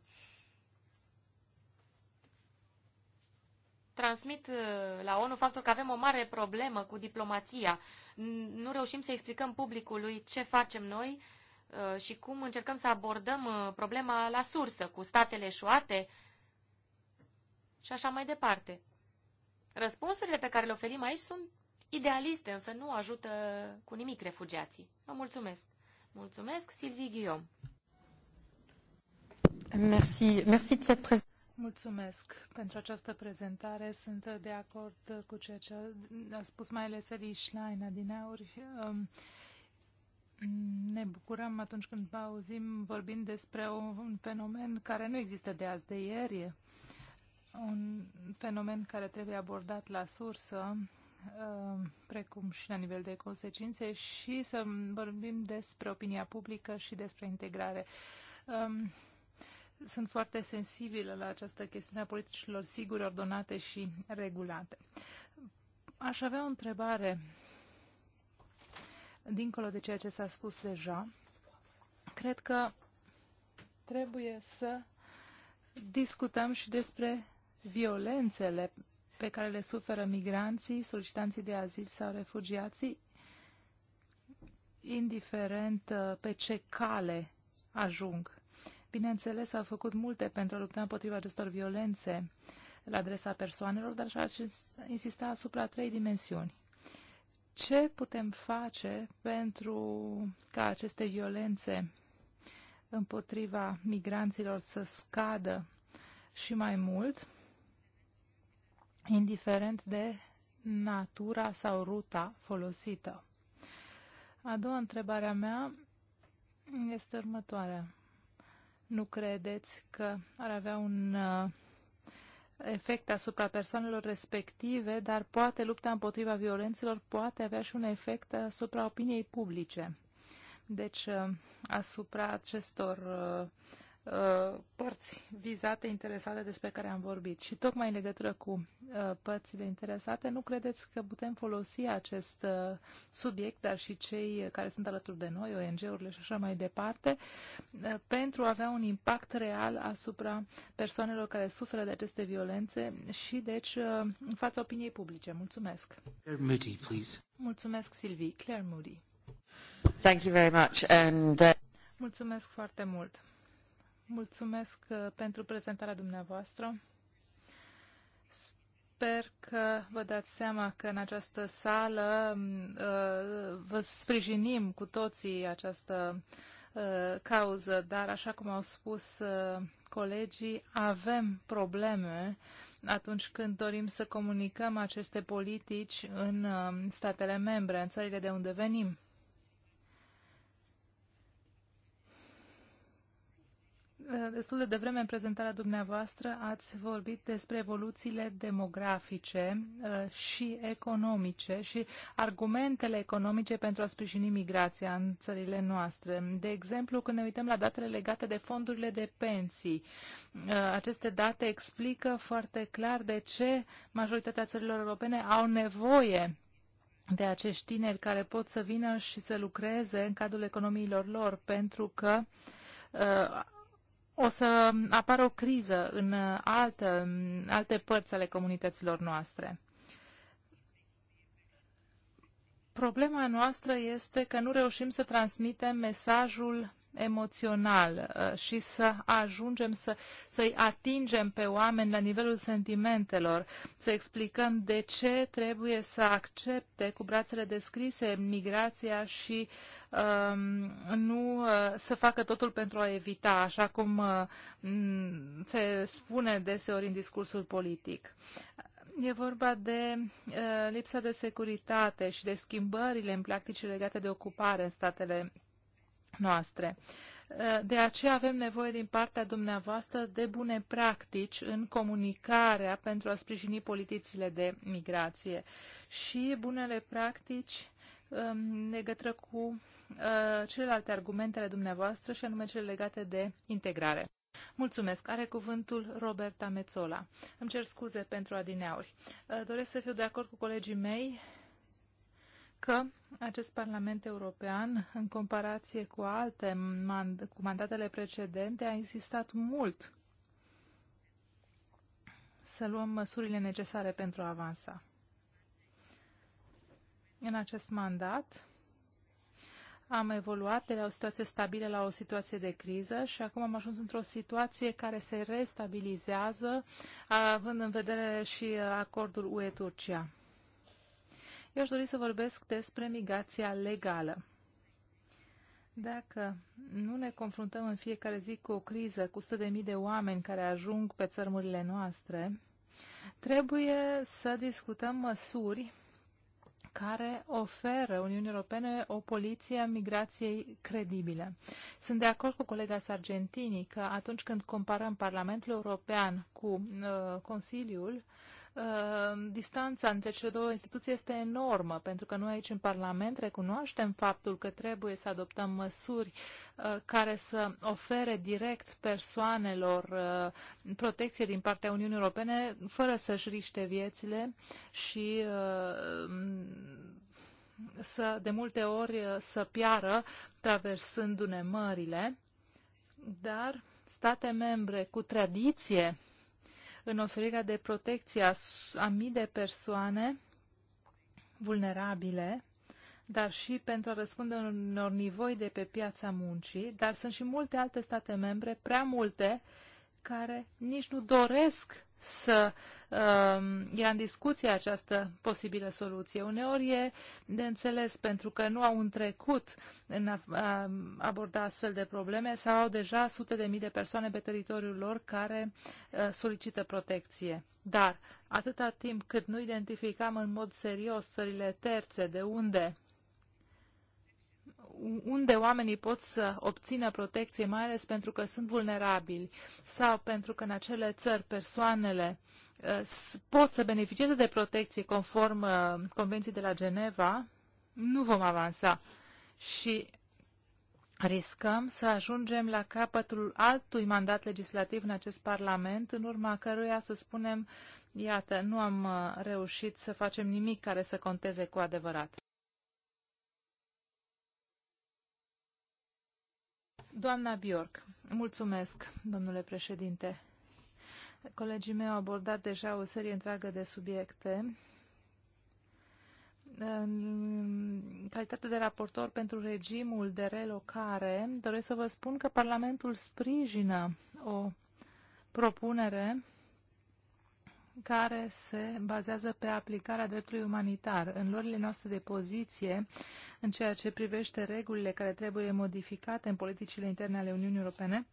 transmit uh, la ONU faptul că avem o mare problemă cu diplomația. Nu reușim să explicăm publicului ce facem noi uh, și cum încercăm să abordăm uh, problema la sursă, cu statele șoate și așa mai departe. Răspunsurile pe care le oferim aici sunt idealiste, însă nu ajută cu nimic refugiații. Vă mulțumesc. Mulțumesc, Silvi Guillaume. Merci, merci de cette Mulțumesc pentru această prezentare. Sunt de acord cu ceea ce a spus mai ales Eli Schlein adineauri. Um, ne bucurăm atunci când auzim vorbind despre un fenomen care nu există de azi de ieri, un fenomen care trebuie abordat la sursă Um, precum și la nivel de consecințe, și să vorbim despre opinia publică și despre integrare. Um, sunt foarte sensibilă la această chestiune a politicilor sigure, ordonate și regulate. Aș avea o întrebare dincolo de ceea ce s-a spus deja. Cred că trebuie să discutăm și despre violențele pe care le suferă migranții, solicitanții de azil sau refugiații, indiferent uh, pe ce cale ajung. Bineînțeles, au făcut multe pentru a lupta împotriva acestor violențe la adresa persoanelor, dar aș insista asupra trei dimensiuni. Ce putem face pentru ca aceste violențe împotriva migranților să scadă și mai mult? indiferent de natura sau ruta folosită. A doua întrebare a mea este următoarea. Nu credeți că ar avea un uh, efect asupra persoanelor respective, dar poate lupta împotriva violențelor poate avea și un efect asupra opiniei publice. Deci, uh, asupra acestor uh, Uh, părți vizate, interesate despre care am vorbit. Și tocmai în legătură cu uh, părțile interesate, nu credeți că putem folosi acest uh, subiect, dar și cei care sunt alături de noi, ONG-urile și așa mai departe, pentru a avea un impact real asupra persoanelor care suferă de aceste violențe și, deci, în fața opiniei publice. Mulțumesc. Claire Moody, please. Mulțumesc, Silvii. Claire Moody. Thank you very much. And, uh... Mulțumesc foarte mult. Mulțumesc uh, pentru prezentarea dumneavoastră. Sper că vă dați seama că în această sală mm, uh, vă sprijinim cu toții această uh, cauză, dar așa cum au spus colegii, avem probleme atunci când dorim să comunicăm aceste politici în statele membre, în țările de unde venim. Eh, destul de devreme în prezentarea dumneavoastră ați vorbit despre evoluțiile demografice eh, și economice și argumentele economice pentru a sprijini migrația în țările noastre. De exemplu, când ne uităm la datele legate de fondurile de pensii, eh, aceste date explică foarte clar de ce majoritatea țărilor europene au nevoie de acești tineri care pot să vină și să lucreze în cadrul economiilor lor, pentru că o să apară o criză în alte alte părți ale comunităților noastre. Problema noastră este că nu reușim să transmitem mesajul emoțional uh, și să ajungem să, să-i atingem pe oameni la nivelul sentimentelor, să explicăm de ce trebuie să accepte cu brațele descrise migrația și Um, nu uh, să facă totul pentru a evita, așa cum uh, se spune deseori în discursul politic. E vorba de uh, lipsa de securitate și de schimbările în practici legate de ocupare în statele noastre. de aceea avem nevoie din partea dumneavoastră de bune practici în comunicarea pentru a sprijini politicile de migrație. Și bunele practici în legătură cu uh, celelalte argumentele dumneavoastră și anume cele legate de integrare. Mulțumesc. Are cuvântul Roberta Mezzola. Îmi cer scuze pentru adineauri. Uh, doresc să fiu de acord cu colegii mei că acest Parlament European, în comparație cu alte mand- cu mandatele precedente, a insistat mult să luăm măsurile necesare pentru a avansa în acest mandat am evoluat de la o situație stabilă la o situație de criză și acum am ajuns într-o situație care se restabilizează, având în vedere și acordul UE-Turcia. Eu aș dori să vorbesc despre migrația legală. Dacă nu ne confruntăm în fiecare zi cu o criză, cu sute de mii de oameni care ajung pe țărmurile noastre, trebuie să discutăm măsuri care oferă Uniunii Europene o poliție a migrației credibile. Sunt de acord cu colega Sargentini că atunci când comparăm Parlamentul European cu uh, Consiliul, uh, Ehm, distanța între cele două instituții este enormă, pentru că noi aici în Parlament recunoaștem faptul că trebuie să adoptăm măsuri eh, care să ofere direct persoanelor eh, protecție din partea Uniunii Europene, fără să-și riște viețile și ehm, să, de multe ori, eh, să piară traversându-ne mările, dar state membre cu tradiție în oferirea de protecție a, a mii de persoane vulnerabile, dar și pentru a răspunde unor nivoi de pe piața muncii, dar sunt și multe alte state membre, prea multe, care nici nu doresc să um, ia în discuție această posibilă soluție. Uneori e de înțeles pentru că nu au un trecut în a aborda astfel de probleme sau au deja sute de mii de persoane pe teritoriul lor care uh, solicită protecție. Dar atâta timp cât nu identificăm în mod serios țările terțe de unde unde oamenii pot să obțină protecție, mai ales pentru că sunt vulnerabili sau pentru că în acele țări persoanele uh, pot să beneficieze de protecție conform uh, Convenției de la Geneva, nu vom avansa și riscăm să ajungem la capătul altui mandat legislativ în acest Parlament, în urma căruia să spunem, iată, nu am uh, reușit să facem nimic care să conteze cu adevărat. Doamna Bjork, mulțumesc, domnule președinte. Colegii mei au abordat deja o serie întreagă de subiecte. În calitate de raportor pentru regimul de relocare, doresc să vă spun că Parlamentul sprijină o propunere care se bazează pe aplicarea dreptului umanitar. În luările noastre de poziție, în ceea ce privește regulile care trebuie modificate în politicile interne ale Uniunii Europene,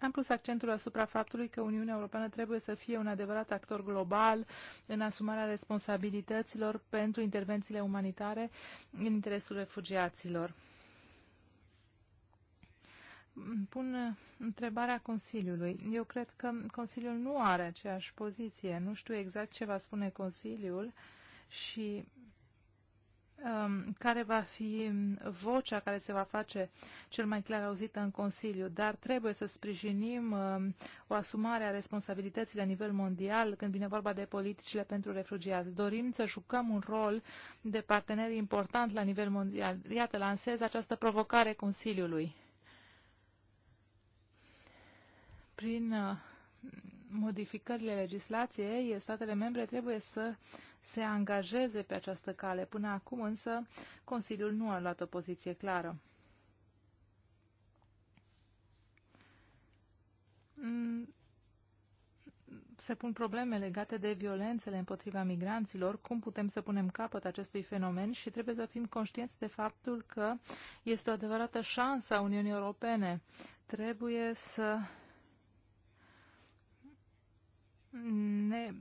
am pus accentul asupra faptului că Uniunea Europeană trebuie să fie un adevărat actor global în asumarea responsabilităților pentru intervențiile umanitare în interesul refugiaților pun întrebarea Consiliului. Eu cred că Consiliul nu are aceeași poziție. Nu știu exact ce va spune Consiliul și um, care va fi vocea care se va face cel mai clar auzită în Consiliu, dar trebuie să sprijinim um, o asumare a responsabilității la nivel mondial când vine vorba de politicile pentru refugiați. Dorim să jucăm un rol de partener important la nivel mondial. Iată, lansez această provocare Consiliului. prin uh, modificările legislației, statele membre trebuie să se angajeze pe această cale. Până acum însă Consiliul nu a luat o poziție clară. Mm, se pun probleme legate de violențele împotriva migranților, cum putem să punem capăt acestui fenomen și trebuie să fim conștienți de faptul că este o adevărată șansă a Uniunii Europene. Trebuie să ne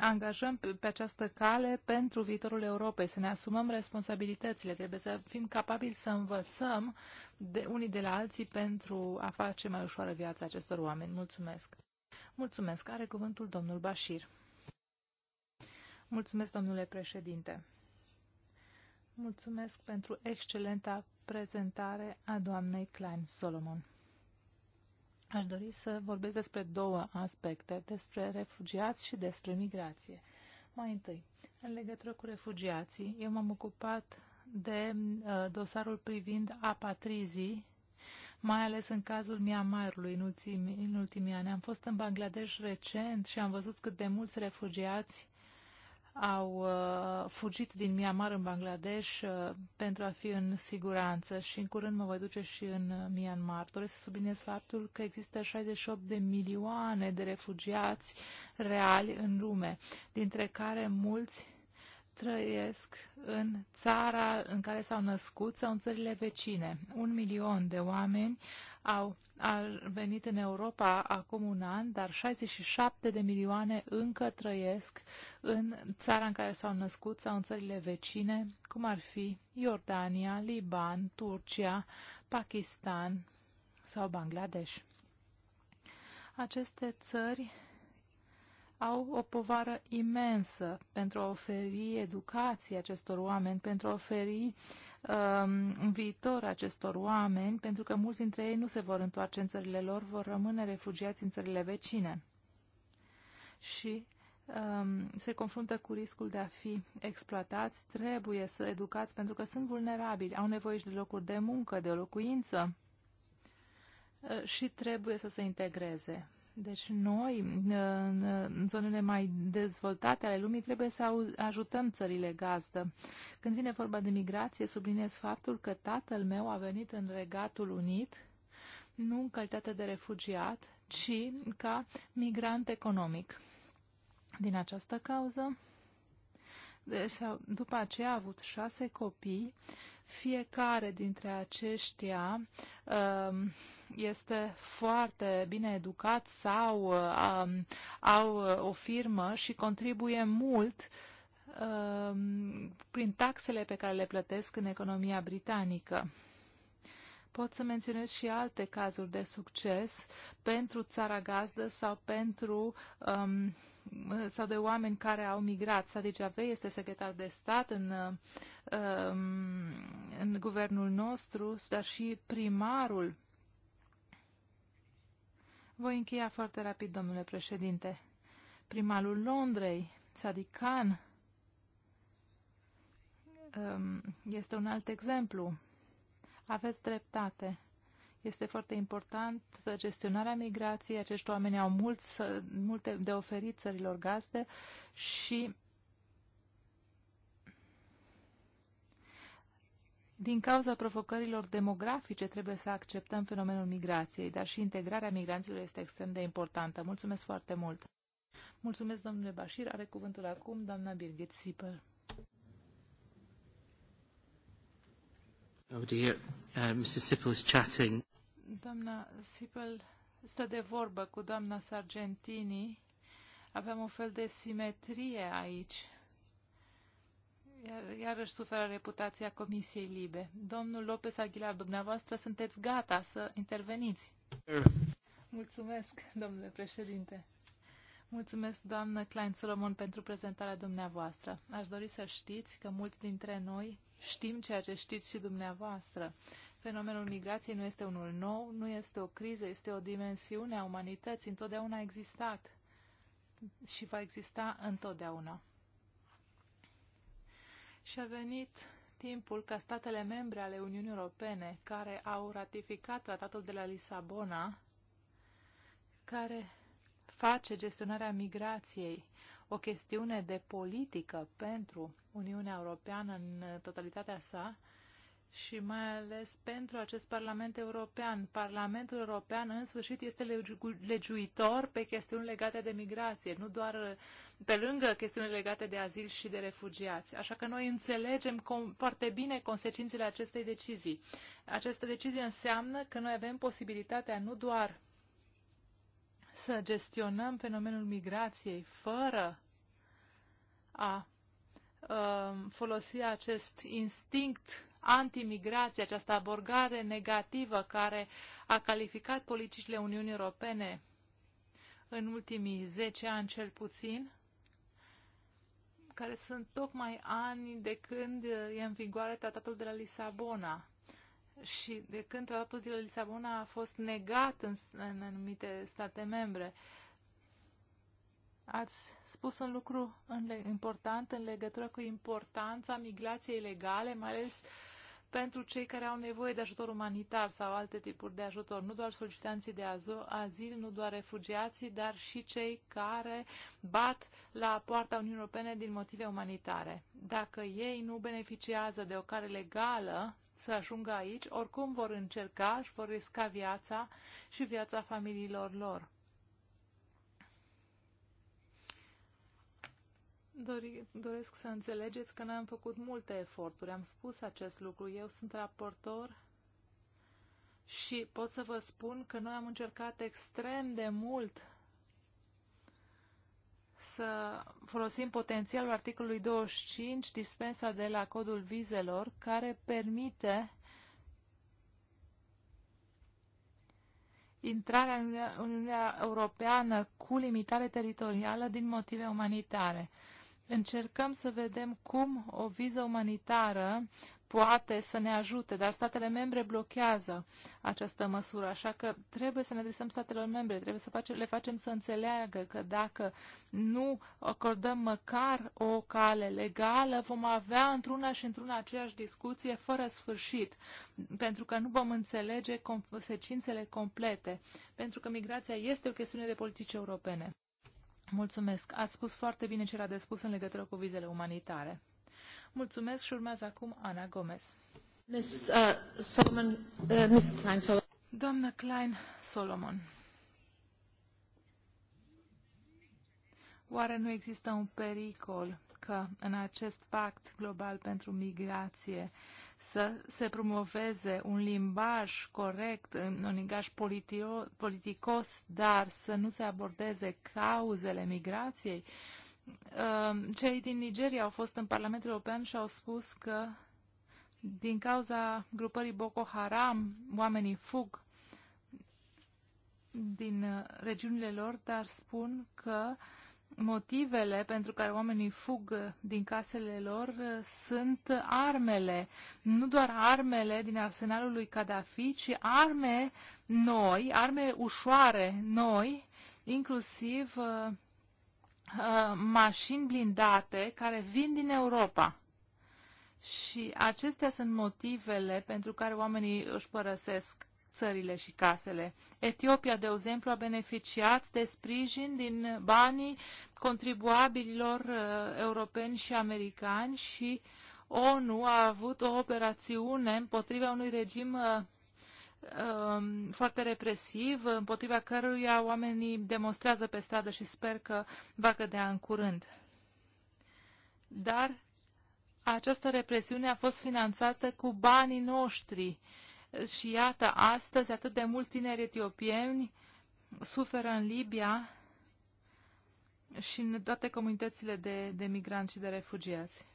angajăm pe, pe această cale pentru viitorul Europei, să ne asumăm responsabilitățile. Trebuie să fim capabili să învățăm de unii de la alții pentru a face mai ușoară viața acestor oameni. Mulțumesc! Mulțumesc! Are cuvântul domnul Bashir. Mulțumesc, domnule președinte! Mulțumesc pentru excelenta prezentare a doamnei Klein Solomon. Aș dori să vorbesc despre două aspecte, despre refugiați și despre migrație. Mai întâi, în legătură cu refugiații, eu m-am ocupat de uh, dosarul privind apatrizii, mai ales în cazul Myanmarului în ultimii, în ultimii ani. Am fost în Bangladesh recent și am văzut cât de mulți refugiați au uh, fugit din Myanmar în Bangladesh uh, pentru a fi în siguranță și în curând mă voi duce și în uh, Myanmar. Doresc să subliniez faptul că există 68 de milioane de refugiați reali în lume, dintre care mulți trăiesc în țara în care s-au născut sau în țările vecine. Un milion de oameni au, au venit în Europa acum un an, dar 67 de milioane încă trăiesc în țara în care s-au născut sau în țările vecine, cum ar fi Iordania, Liban, Turcia, Pakistan sau Bangladesh. Aceste țări au o povară imensă pentru a oferi educație acestor oameni, pentru a oferi um, un viitor acestor oameni, pentru că mulți dintre ei nu se vor întoarce în țările lor, vor rămâne refugiați în țările vecine. Și um, se confruntă cu riscul de a fi exploatați, trebuie să educați pentru că sunt vulnerabili, au nevoie și de locuri de muncă, de locuință uh, și trebuie să se integreze. Deci noi, în zonele mai dezvoltate ale lumii, trebuie să ajutăm țările gazdă. Când vine vorba de migrație, subliniez faptul că tatăl meu a venit în Regatul Unit, nu în calitate de refugiat, ci ca migrant economic. Din această cauză, deci, după aceea a avut șase copii fiecare dintre aceștia um, este foarte bine educat sau um, au o firmă și contribuie mult um, prin taxele pe care le plătesc în economia britanică pot să menționez și alte cazuri de succes pentru țara gazdă sau pentru um, sau de oameni care au migrat. Sadi Javei este secretar de stat în, um, în guvernul nostru, dar și primarul. Voi încheia foarte rapid, domnule președinte. Primarul Londrei, Sadiq Khan, um, este un alt exemplu aveți dreptate. Este foarte important gestionarea migrației. Acești oameni au mult, multe de oferit țărilor gazde și Din cauza provocărilor demografice trebuie să acceptăm fenomenul migrației, dar și integrarea migranților este extrem de importantă. Mulțumesc foarte mult! Mulțumesc, domnule Bașir. Are cuvântul acum doamna Birgit Sipel. Oh dear, uh, is chatting. Doamna Sippel stă de vorbă cu doamna Sargentini. Avem un fel de simetrie aici. Iar, iarăși suferă reputația Comisiei Libe. Domnul Lopez Aguilar, dumneavoastră sunteți gata să interveniți. Mulțumesc, domnule președinte. Mulțumesc, doamnă Klein Solomon, pentru prezentarea dumneavoastră. Aș dori să știți că mulți dintre noi știm ceea ce știți și dumneavoastră. Fenomenul migrației nu este unul nou, nu este o criză, este o dimensiune a umanității. Întotdeauna a existat și va exista întotdeauna. Și a venit timpul ca statele membre ale Uniunii Europene care au ratificat tratatul de la Lisabona, care face gestionarea migrației o chestiune de politică pentru Uniunea Europeană în totalitatea sa și mai ales pentru acest Parlament European. Parlamentul European în sfârșit este legiuitor pe chestiuni legate de migrație, nu doar uh, pe lângă chestiuni legate de azil și de refugiați. Așa că noi înțelegem foarte bine consecințele acestei decizii. Această decizie înseamnă că noi avem posibilitatea nu doar să gestionăm fenomenul migrației fără a um, folosi acest instinct antimigrație, această abordare negativă care a calificat politicile Uniunii Europene în ultimii 10 ani cel puțin, care sunt tocmai ani de când e în vigoare tratatul de la Lisabona și de când tratatul de la Lisabona a fost negat în, în anumite state membre. Ați spus un lucru în, important în legătură cu importanța migrației legale, mai ales pentru cei care au nevoie de ajutor umanitar sau alte tipuri de ajutor, nu doar solicitanții de azil, nu doar refugiații, dar și cei care bat la poarta Uniunii Europene din motive umanitare. Dacă ei nu beneficiază de o care legală să ajungă aici, oricum vor încerca, și vor risca viața și viața familiilor lor. Dori, doresc să înțelegeți că noi am făcut multe eforturi. Am spus acest lucru. Eu sunt raportor și pot să vă spun că noi am încercat extrem de mult să folosim potențialul articolului 25, dispensa de la codul vizelor, care permite intrarea în Uniunea Europeană cu limitare teritorială din motive umanitare. Încercăm să vedem cum o viză umanitară poate să ne ajute, dar statele membre blochează această măsură, așa că trebuie să ne adresăm statelor membre, trebuie să face, le facem să înțeleagă că dacă nu acordăm măcar o cale legală, vom avea într-una și într-una aceeași discuție fără sfârșit, pentru că nu vom înțelege consecințele complete, pentru că migrația este o chestiune de politici europene. Mulțumesc. Ați spus foarte bine ce era de spus în legătură cu vizele umanitare. Mulțumesc și urmează acum Ana Gomez. Miss, uh, Solomon, uh, Miss Klein, Solomon. Doamnă Klein Solomon, oare nu există un pericol că în acest pact global pentru migrație să se promoveze un limbaj corect, un limbaj politicos, dar să nu se abordeze cauzele migrației? Uh, Um, cei din Nigeria au fost în Parlamentul European și au spus că din cauza grupării Boko Haram, oamenii fug din uh, regiunile lor, dar spun că motivele pentru care oamenii fug uh, din casele lor uh, sunt armele. Nu doar armele din arsenalul lui Gaddafi, ci arme noi, arme ușoare noi, inclusiv uh, Uh, mașini blindate care vin din Europa. Și acestea sunt motivele pentru care oamenii își părăsesc țările și casele. Etiopia, de exemplu, a beneficiat de sprijin din banii contribuabililor uh, europeni și americani și ONU a avut o operațiune împotriva unui regim uh, Um, foarte represiv, împotriva căruia oamenii demonstrează pe stradă și sper că va cădea în curând. Dar această represiune a fost finanțată cu banii noștri și iată, astăzi atât de mulți tineri etiopieni suferă în Libia și în toate comunitățile de, de migranți și de refugiați.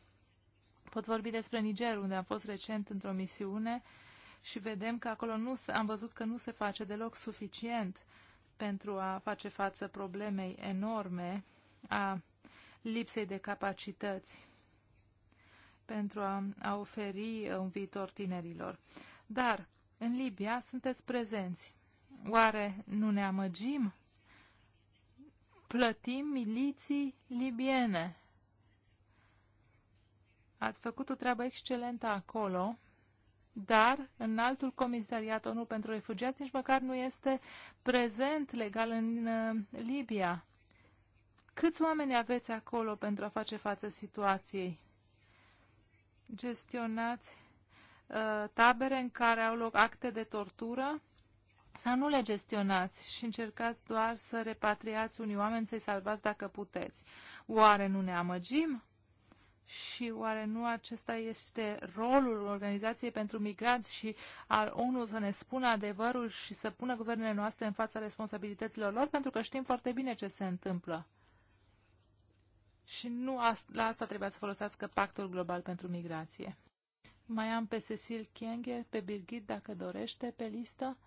Pot vorbi despre Niger, unde am fost recent într-o misiune și vedem că acolo nu se, am văzut că nu se face deloc suficient pentru a face față problemei enorme a lipsei de capacități pentru a, a oferi uh, un viitor tinerilor. Dar în Libia sunteți prezenți. Oare nu ne amăgim? Plătim miliții libiene. Ați făcut o treabă excelentă acolo dar în altul comisariat ONU pentru refugiați nici măcar nu este prezent legal în uh, Libia. Câți oameni aveți acolo pentru a face față situației? Gestionați uh, tabere în care au loc acte de tortură? Sau nu le gestionați și încercați doar să repatriați unii oameni, să-i salvați dacă puteți? Oare nu ne amăgim? și oare nu acesta este rolul Organizației pentru Migranți și al ONU să ne spună adevărul și să pună guvernele noastre în fața responsabilităților lor? Pentru că știm foarte bine ce se întâmplă. Și nu la asta trebuia să folosească Pactul Global pentru Migrație. Mai am pe Cecil Kienge, pe Birgit, dacă dorește, pe listă.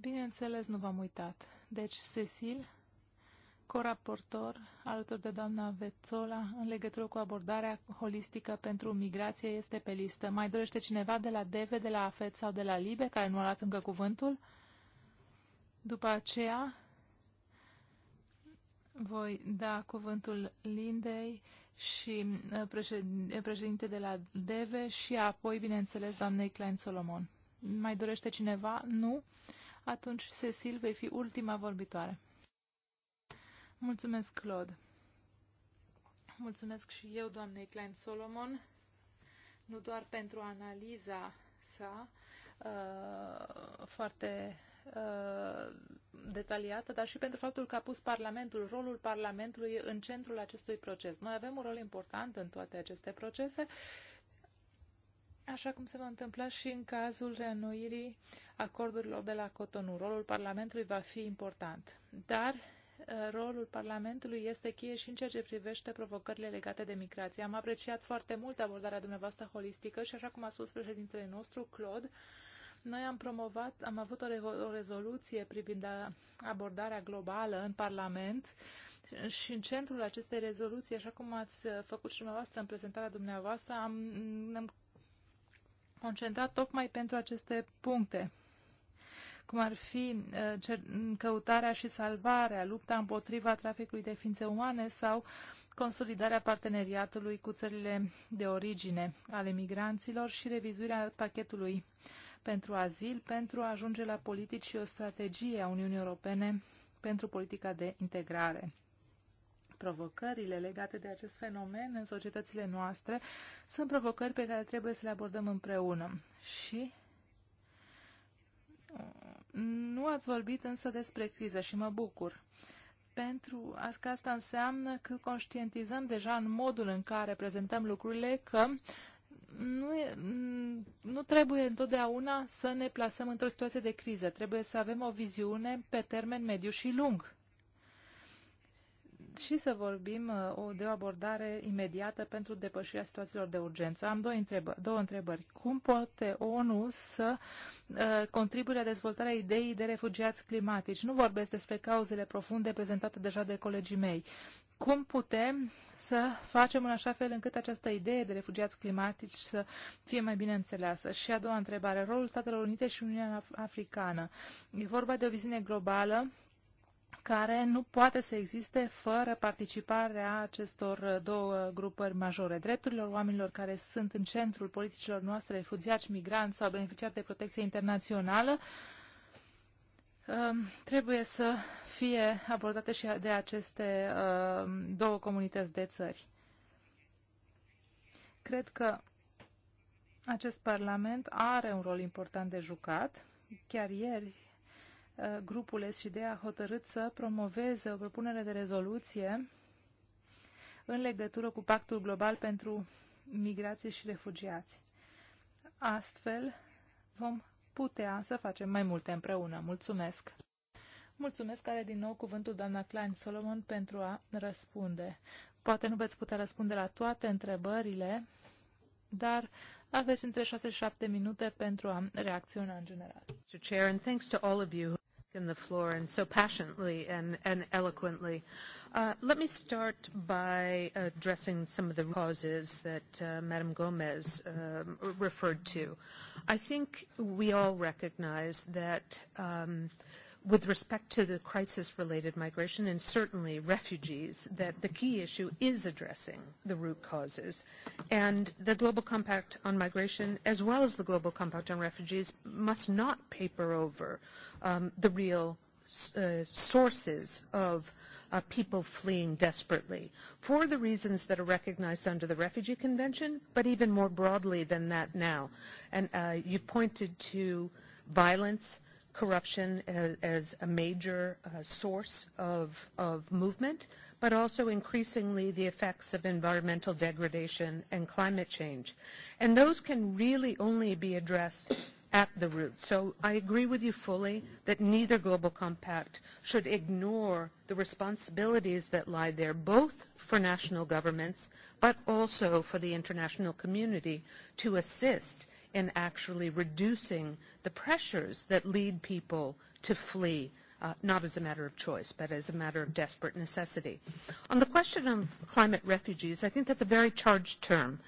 Bineînțeles, nu v-am uitat. Deci, Cecil, coraportor alături de doamna Vețola în legătură cu abordarea holistică pentru migrație este pe listă. Mai dorește cineva de la DEVE, de la AFET sau de la LIBE, care nu a luat încă cuvântul? După aceea voi da cuvântul Lindei și uh, președinte de la DEVE și apoi, bineînțeles, doamnei Klein Solomon. Mai dorește cineva? Nu atunci Cecil vei fi ultima vorbitoare. Mulțumesc, Claude. Mulțumesc și eu, doamnei Klein Solomon, nu doar pentru analiza sa uh, foarte uh, detaliată, dar și pentru faptul că a pus Parlamentul, rolul Parlamentului în centrul acestui proces. Noi avem un rol important în toate aceste procese așa cum se va întâmpla și în cazul reanoirii acordurilor de la Cotonou. Rolul Parlamentului va fi important, dar uh, rolul Parlamentului este cheie și în ceea ce privește provocările legate de migrație. Am apreciat foarte mult abordarea dumneavoastră holistică și, așa cum a spus președintele nostru, Claude, noi am promovat, am avut o, re o rezoluție privind abordarea globală în Parlament și în centrul acestei rezoluții, așa cum ați uh, făcut și dumneavoastră în prezentarea dumneavoastră, am, am concentrat tocmai pentru aceste puncte, cum ar fi uh, căutarea și salvarea, lupta împotriva traficului de ființe umane sau consolidarea parteneriatului cu țările de origine ale migranților și revizuirea pachetului pentru azil pentru a ajunge la politici și o strategie a Uniunii Europene pentru politica de integrare provocările legate de acest fenomen în societățile noastre sunt provocări pe care trebuie să le abordăm împreună. Și nu ați vorbit însă despre criză și mă bucur. Pentru că asta înseamnă că conștientizăm deja în modul în care prezentăm lucrurile că nu, e, nu trebuie întotdeauna să ne plasăm într-o situație de criză. Trebuie să avem o viziune pe termen mediu și lung și să vorbim uh, de o abordare imediată pentru depășirea situațiilor de urgență. Am două, întrebă, două întrebări. Cum poate ONU să uh, contribuie la dezvoltarea ideii de refugiați climatici? Nu vorbesc despre cauzele profunde prezentate deja de colegii mei. Cum putem să facem în așa fel încât această idee de refugiați climatici să fie mai bine înțeleasă? Și a doua întrebare, rolul Statelor Unite și Uniunea Africană. E vorba de o viziune globală care nu poate să existe fără participarea acestor două grupări majore. Drepturilor oamenilor care sunt în centrul politicilor noastre, refugiați, migranți sau beneficiari de protecție internațională, um, trebuie să fie abordate și de aceste um, două comunități de țări. Cred că acest Parlament are un rol important de jucat. Chiar ieri grupul SCD a hotărât să promoveze o propunere de rezoluție în legătură cu Pactul Global pentru Migrație și Refugiați. Astfel, vom putea să facem mai multe împreună. Mulțumesc! Mulțumesc, are din nou cuvântul doamna Klein Solomon pentru a răspunde. Poate nu veți putea răspunde la toate întrebările, dar aveți între 6 și 7 minute pentru a reacționa în general taken the floor and so passionately and, and eloquently. Uh, let me start by addressing some of the causes that uh, Madam Gomez uh, referred to. I think we all recognize that um, with respect to the crisis-related migration and certainly refugees, that the key issue is addressing the root causes. And the Global Compact on Migration, as well as the Global Compact on Refugees, must not paper over um, the real uh, sources of uh, people fleeing desperately for the reasons that are recognized under the Refugee Convention, but even more broadly than that now. And uh, you pointed to violence, corruption as, as a major uh, source of, of movement, but also increasingly the effects of environmental degradation and climate change. And those can really only be addressed at the root. So I agree with you fully that neither Global Compact should ignore the responsibilities that lie there, both for national governments, but also for the international community to assist in actually reducing the pressures that lead people to flee, uh, not as a matter of choice, but as a matter of desperate necessity. On the question of climate refugees, I think that's a very charged term.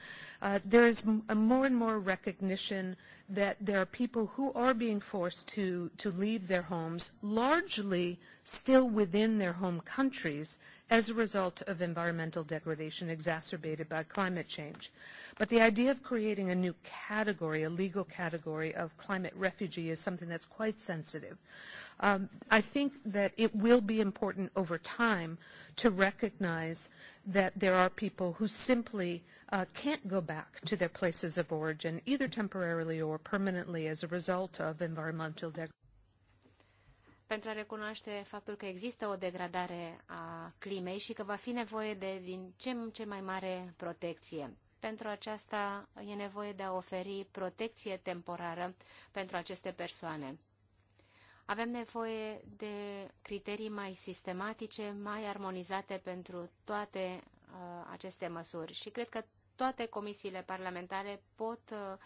Uh, there is a more and more recognition that there are people who are being forced to, to leave their homes, largely still within their home countries, as a result of environmental degradation exacerbated by climate change. But the idea of creating a new category, a legal category of climate refugee is something that's quite sensitive. Um, I think that it will be important over time to recognize that there are people who simply uh, can't go back to their places of origin, either temporarily or permanently as a result of environmental degradation pentru a recunoaște faptul că există o degradare a climei și că va fi nevoie de din ce în ce mai mare protecție. Pentru aceasta e nevoie de a oferi protecție temporară pentru aceste persoane. Avem nevoie de criterii mai sistematice, mai armonizate pentru toate uh, aceste măsuri și cred că toate comisiile parlamentare pot uh,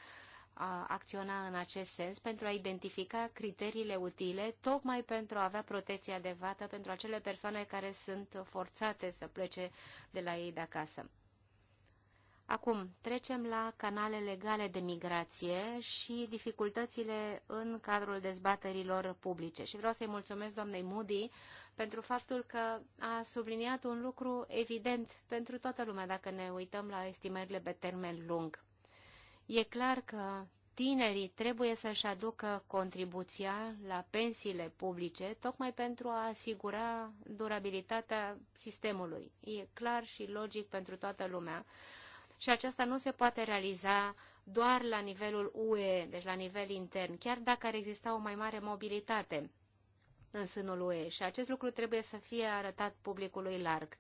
acționa în acest sens pentru a identifica criteriile utile, tocmai pentru a avea protecție adecvată pentru acele persoane care sunt forțate să plece de la ei de acasă. Acum, trecem la canale legale de migrație și dificultățile în cadrul dezbaterilor publice. Și vreau să-i mulțumesc doamnei Moody pentru faptul că a subliniat un lucru evident pentru toată lumea dacă ne uităm la estimările pe termen lung. E clar că tinerii trebuie să-și aducă contribuția la pensiile publice, tocmai pentru a asigura durabilitatea sistemului. E clar și logic pentru toată lumea. Și aceasta nu se poate realiza doar la nivelul UE, deci la nivel intern, chiar dacă ar exista o mai mare mobilitate în sânul UE. Și acest lucru trebuie să fie arătat publicului larg.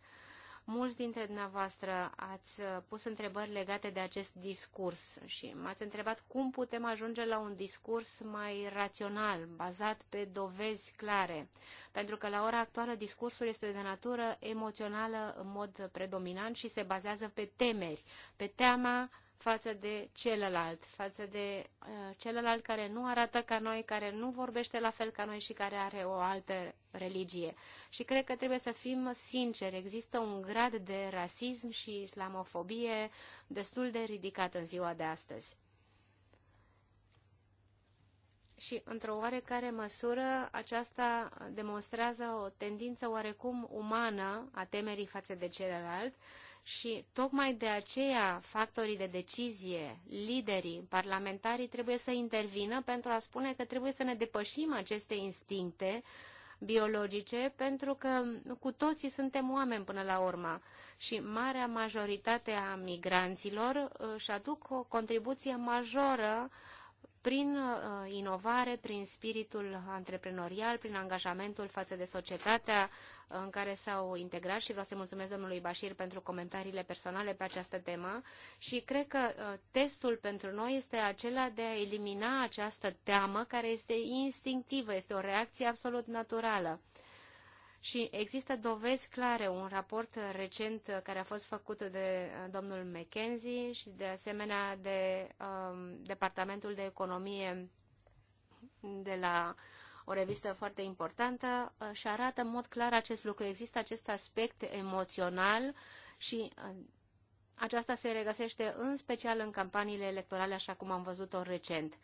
Mulți dintre dumneavoastră ați uh, pus întrebări legate de acest discurs și m-ați întrebat cum putem ajunge la un discurs mai rațional, bazat pe dovezi clare. Pentru că la ora actuală discursul este de natură emoțională în mod predominant și se bazează pe temeri, pe teama față de celălalt, față de uh, celălalt care nu arată ca noi, care nu vorbește la fel ca noi și care are o altă religie. Și cred că trebuie să fim sinceri, există un grad de rasism și islamofobie destul de ridicat în ziua de astăzi. Și, într-o oarecare măsură, aceasta demonstrează o tendință oarecum umană a temerii față de celălalt, uh, și tocmai de aceea factorii de decizie, liderii, parlamentarii trebuie să intervină pentru a spune că trebuie să ne depășim aceste instincte biologice, pentru că cu toții suntem oameni până la urmă și marea majoritate a migranților uh, își aduc o contribuție majoră prin uh, inovare, prin spiritul antreprenorial, prin angajamentul față de societatea uh, în care s-au integrat și vreau să mulțumesc domnului Bașir pentru comentariile personale pe această temă și cred că uh, testul pentru noi este acela de a elimina această teamă care este instinctivă, este o reacție absolut naturală. Și există dovezi clare, un raport recent care a fost făcut de uh, domnul McKenzie și de asemenea de um, Departamentul de Economie de la o revistă foarte importantă uh, și arată în mod clar acest lucru. Există acest aspect emoțional și uh, aceasta se regăsește în special în campaniile electorale, așa cum am văzut-o recent.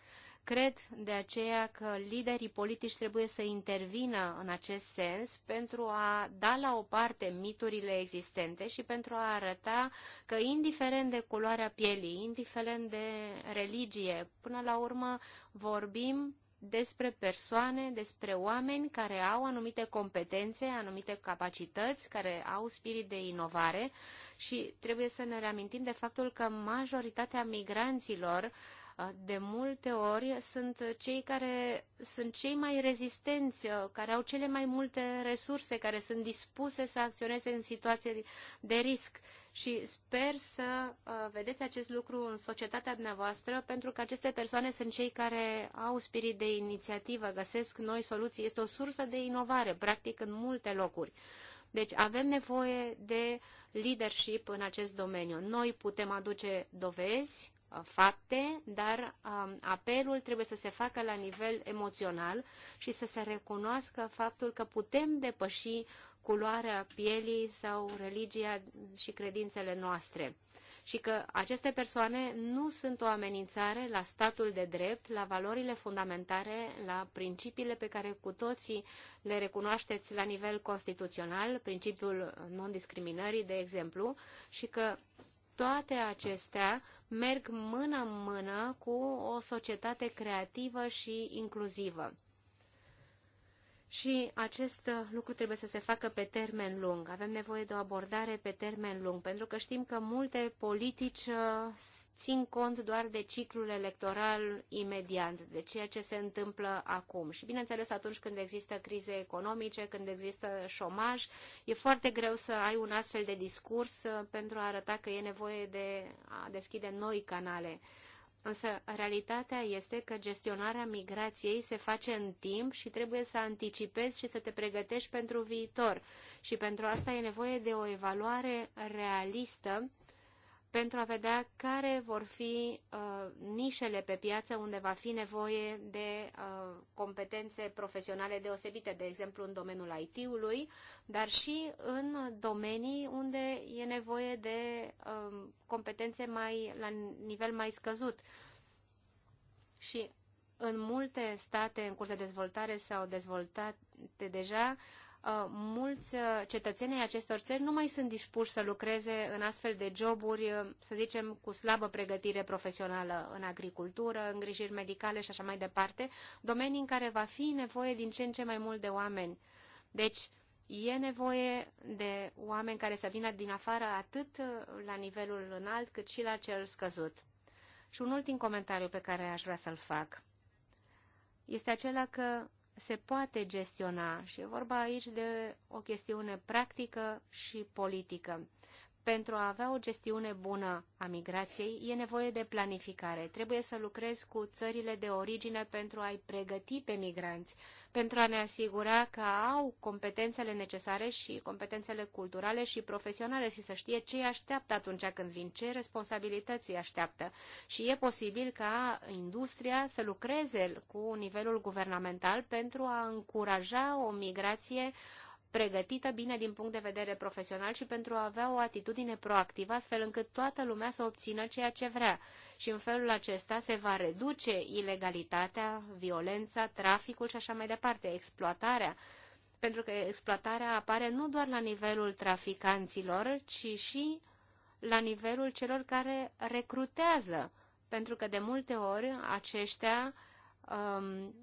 Cred de aceea că liderii politici trebuie să intervină în acest sens pentru a da la o parte miturile existente și pentru a arăta că indiferent de culoarea pielii, indiferent de religie, până la urmă vorbim despre persoane, despre oameni care au anumite competențe, anumite capacități, care au spirit de inovare și trebuie să ne reamintim de faptul că majoritatea migranților Uh, de multe ori sunt cei care sunt cei mai rezistenți, uh, care au cele mai multe resurse, care sunt dispuse să acționeze în situații de risc. Și sper să uh, vedeți acest lucru în societatea dumneavoastră, pentru că aceste persoane sunt cei care au spirit de inițiativă, găsesc noi soluții. Este o sursă de inovare, practic, în multe locuri. Deci avem nevoie de leadership în acest domeniu. Noi putem aduce dovezi fapte, dar um, apelul trebuie să se facă la nivel emoțional și să se recunoască faptul că putem depăși culoarea pielii sau religia și credințele noastre și că aceste persoane nu sunt o amenințare la statul de drept, la valorile fundamentare, la principiile pe care cu toții le recunoașteți la nivel constituțional, principiul non-discriminării, de exemplu, și că toate acestea merg mână în mână cu o societate creativă și inclusivă. Și acest uh, lucru trebuie să se facă pe termen lung. Avem nevoie de o abordare pe termen lung, pentru că știm că multe politici uh, țin cont doar de ciclul electoral imediat, de ceea ce se întâmplă acum. Și bineînțeles, atunci când există crize economice, când există șomaj, e foarte greu să ai un astfel de discurs uh, pentru a arăta că e nevoie de a deschide noi canale Însă realitatea este că gestionarea migrației se face în timp și trebuie să anticipezi și să te pregătești pentru viitor. Și pentru asta e nevoie de o evaluare realistă pentru a vedea care vor fi uh, nișele pe piață unde va fi nevoie de uh, competențe profesionale deosebite, de exemplu în domeniul IT-ului, dar și în domenii unde e nevoie de uh, competențe mai la nivel mai scăzut. Și în multe state în curs de dezvoltare s-au dezvoltat deja uh, Uh, mulți ai uh, acestor țări nu mai sunt dispuși să lucreze în astfel de joburi, uh, să zicem, cu slabă pregătire profesională în agricultură, îngrijiri medicale și așa mai departe, domenii în care va fi nevoie din ce în ce mai mult de oameni. Deci, e nevoie de oameni care să vină din afară atât la nivelul înalt cât și la cel scăzut. Și un ultim comentariu pe care aș vrea să-l fac este acela că se poate gestiona și e vorba aici de o chestiune practică și politică. Pentru a avea o gestiune bună a migrației, e nevoie de planificare. Trebuie să lucrezi cu țările de origine pentru a-i pregăti pe migranți pentru a ne asigura că au competențele necesare și competențele culturale și profesionale și să știe ce îi așteaptă atunci când vin, ce responsabilități îi așteaptă. Și e posibil ca industria să lucreze cu nivelul guvernamental pentru a încuraja o migrație pregătită bine din punct de vedere profesional și pentru a avea o atitudine proactivă, astfel încât toată lumea să obțină ceea ce vrea. Și în felul acesta se va reduce ilegalitatea, violența, traficul și așa mai departe, exploatarea. Pentru că exploatarea apare nu doar la nivelul traficanților, ci și la nivelul celor care recrutează. Pentru că de multe ori aceștia um,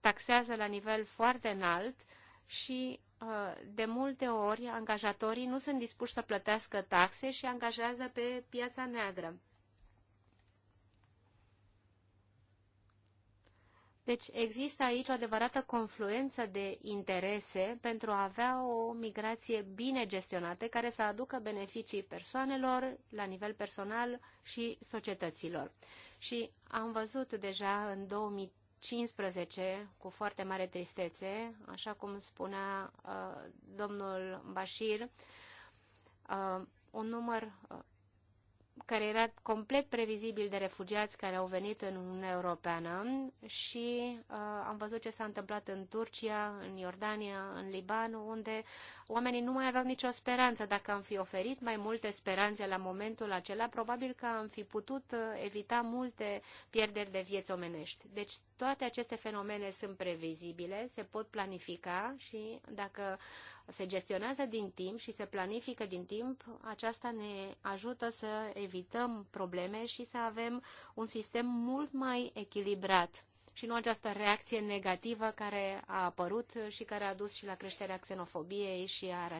taxează la nivel foarte înalt și Uh, de multe ori angajatorii nu sunt dispuși să plătească taxe și angajează pe piața neagră. Deci există aici o adevărată confluență de interese pentru a avea o migrație bine gestionată care să aducă beneficii persoanelor la nivel personal și societăților. Și am văzut deja în 2000 15 cu foarte mare tristețe, așa cum spunea uh, domnul Bashir, uh, un număr uh, care era complet previzibil de refugiați care au venit în Uniunea Europeană și uh, am văzut ce s-a întâmplat în Turcia, în Iordania, în Liban, unde oamenii nu mai aveau nicio speranță. Dacă am fi oferit mai multe speranțe la momentul acela, probabil că am fi putut uh, evita multe pierderi de vieți omenești. Deci toate aceste fenomene sunt previzibile, se pot planifica și dacă uh, se gestionează din timp și se planifică din timp, aceasta ne ajută să evităm probleme și să avem un sistem mult mai echilibrat și nu această reacție negativă care a apărut și care a dus și la creșterea xenofobiei și a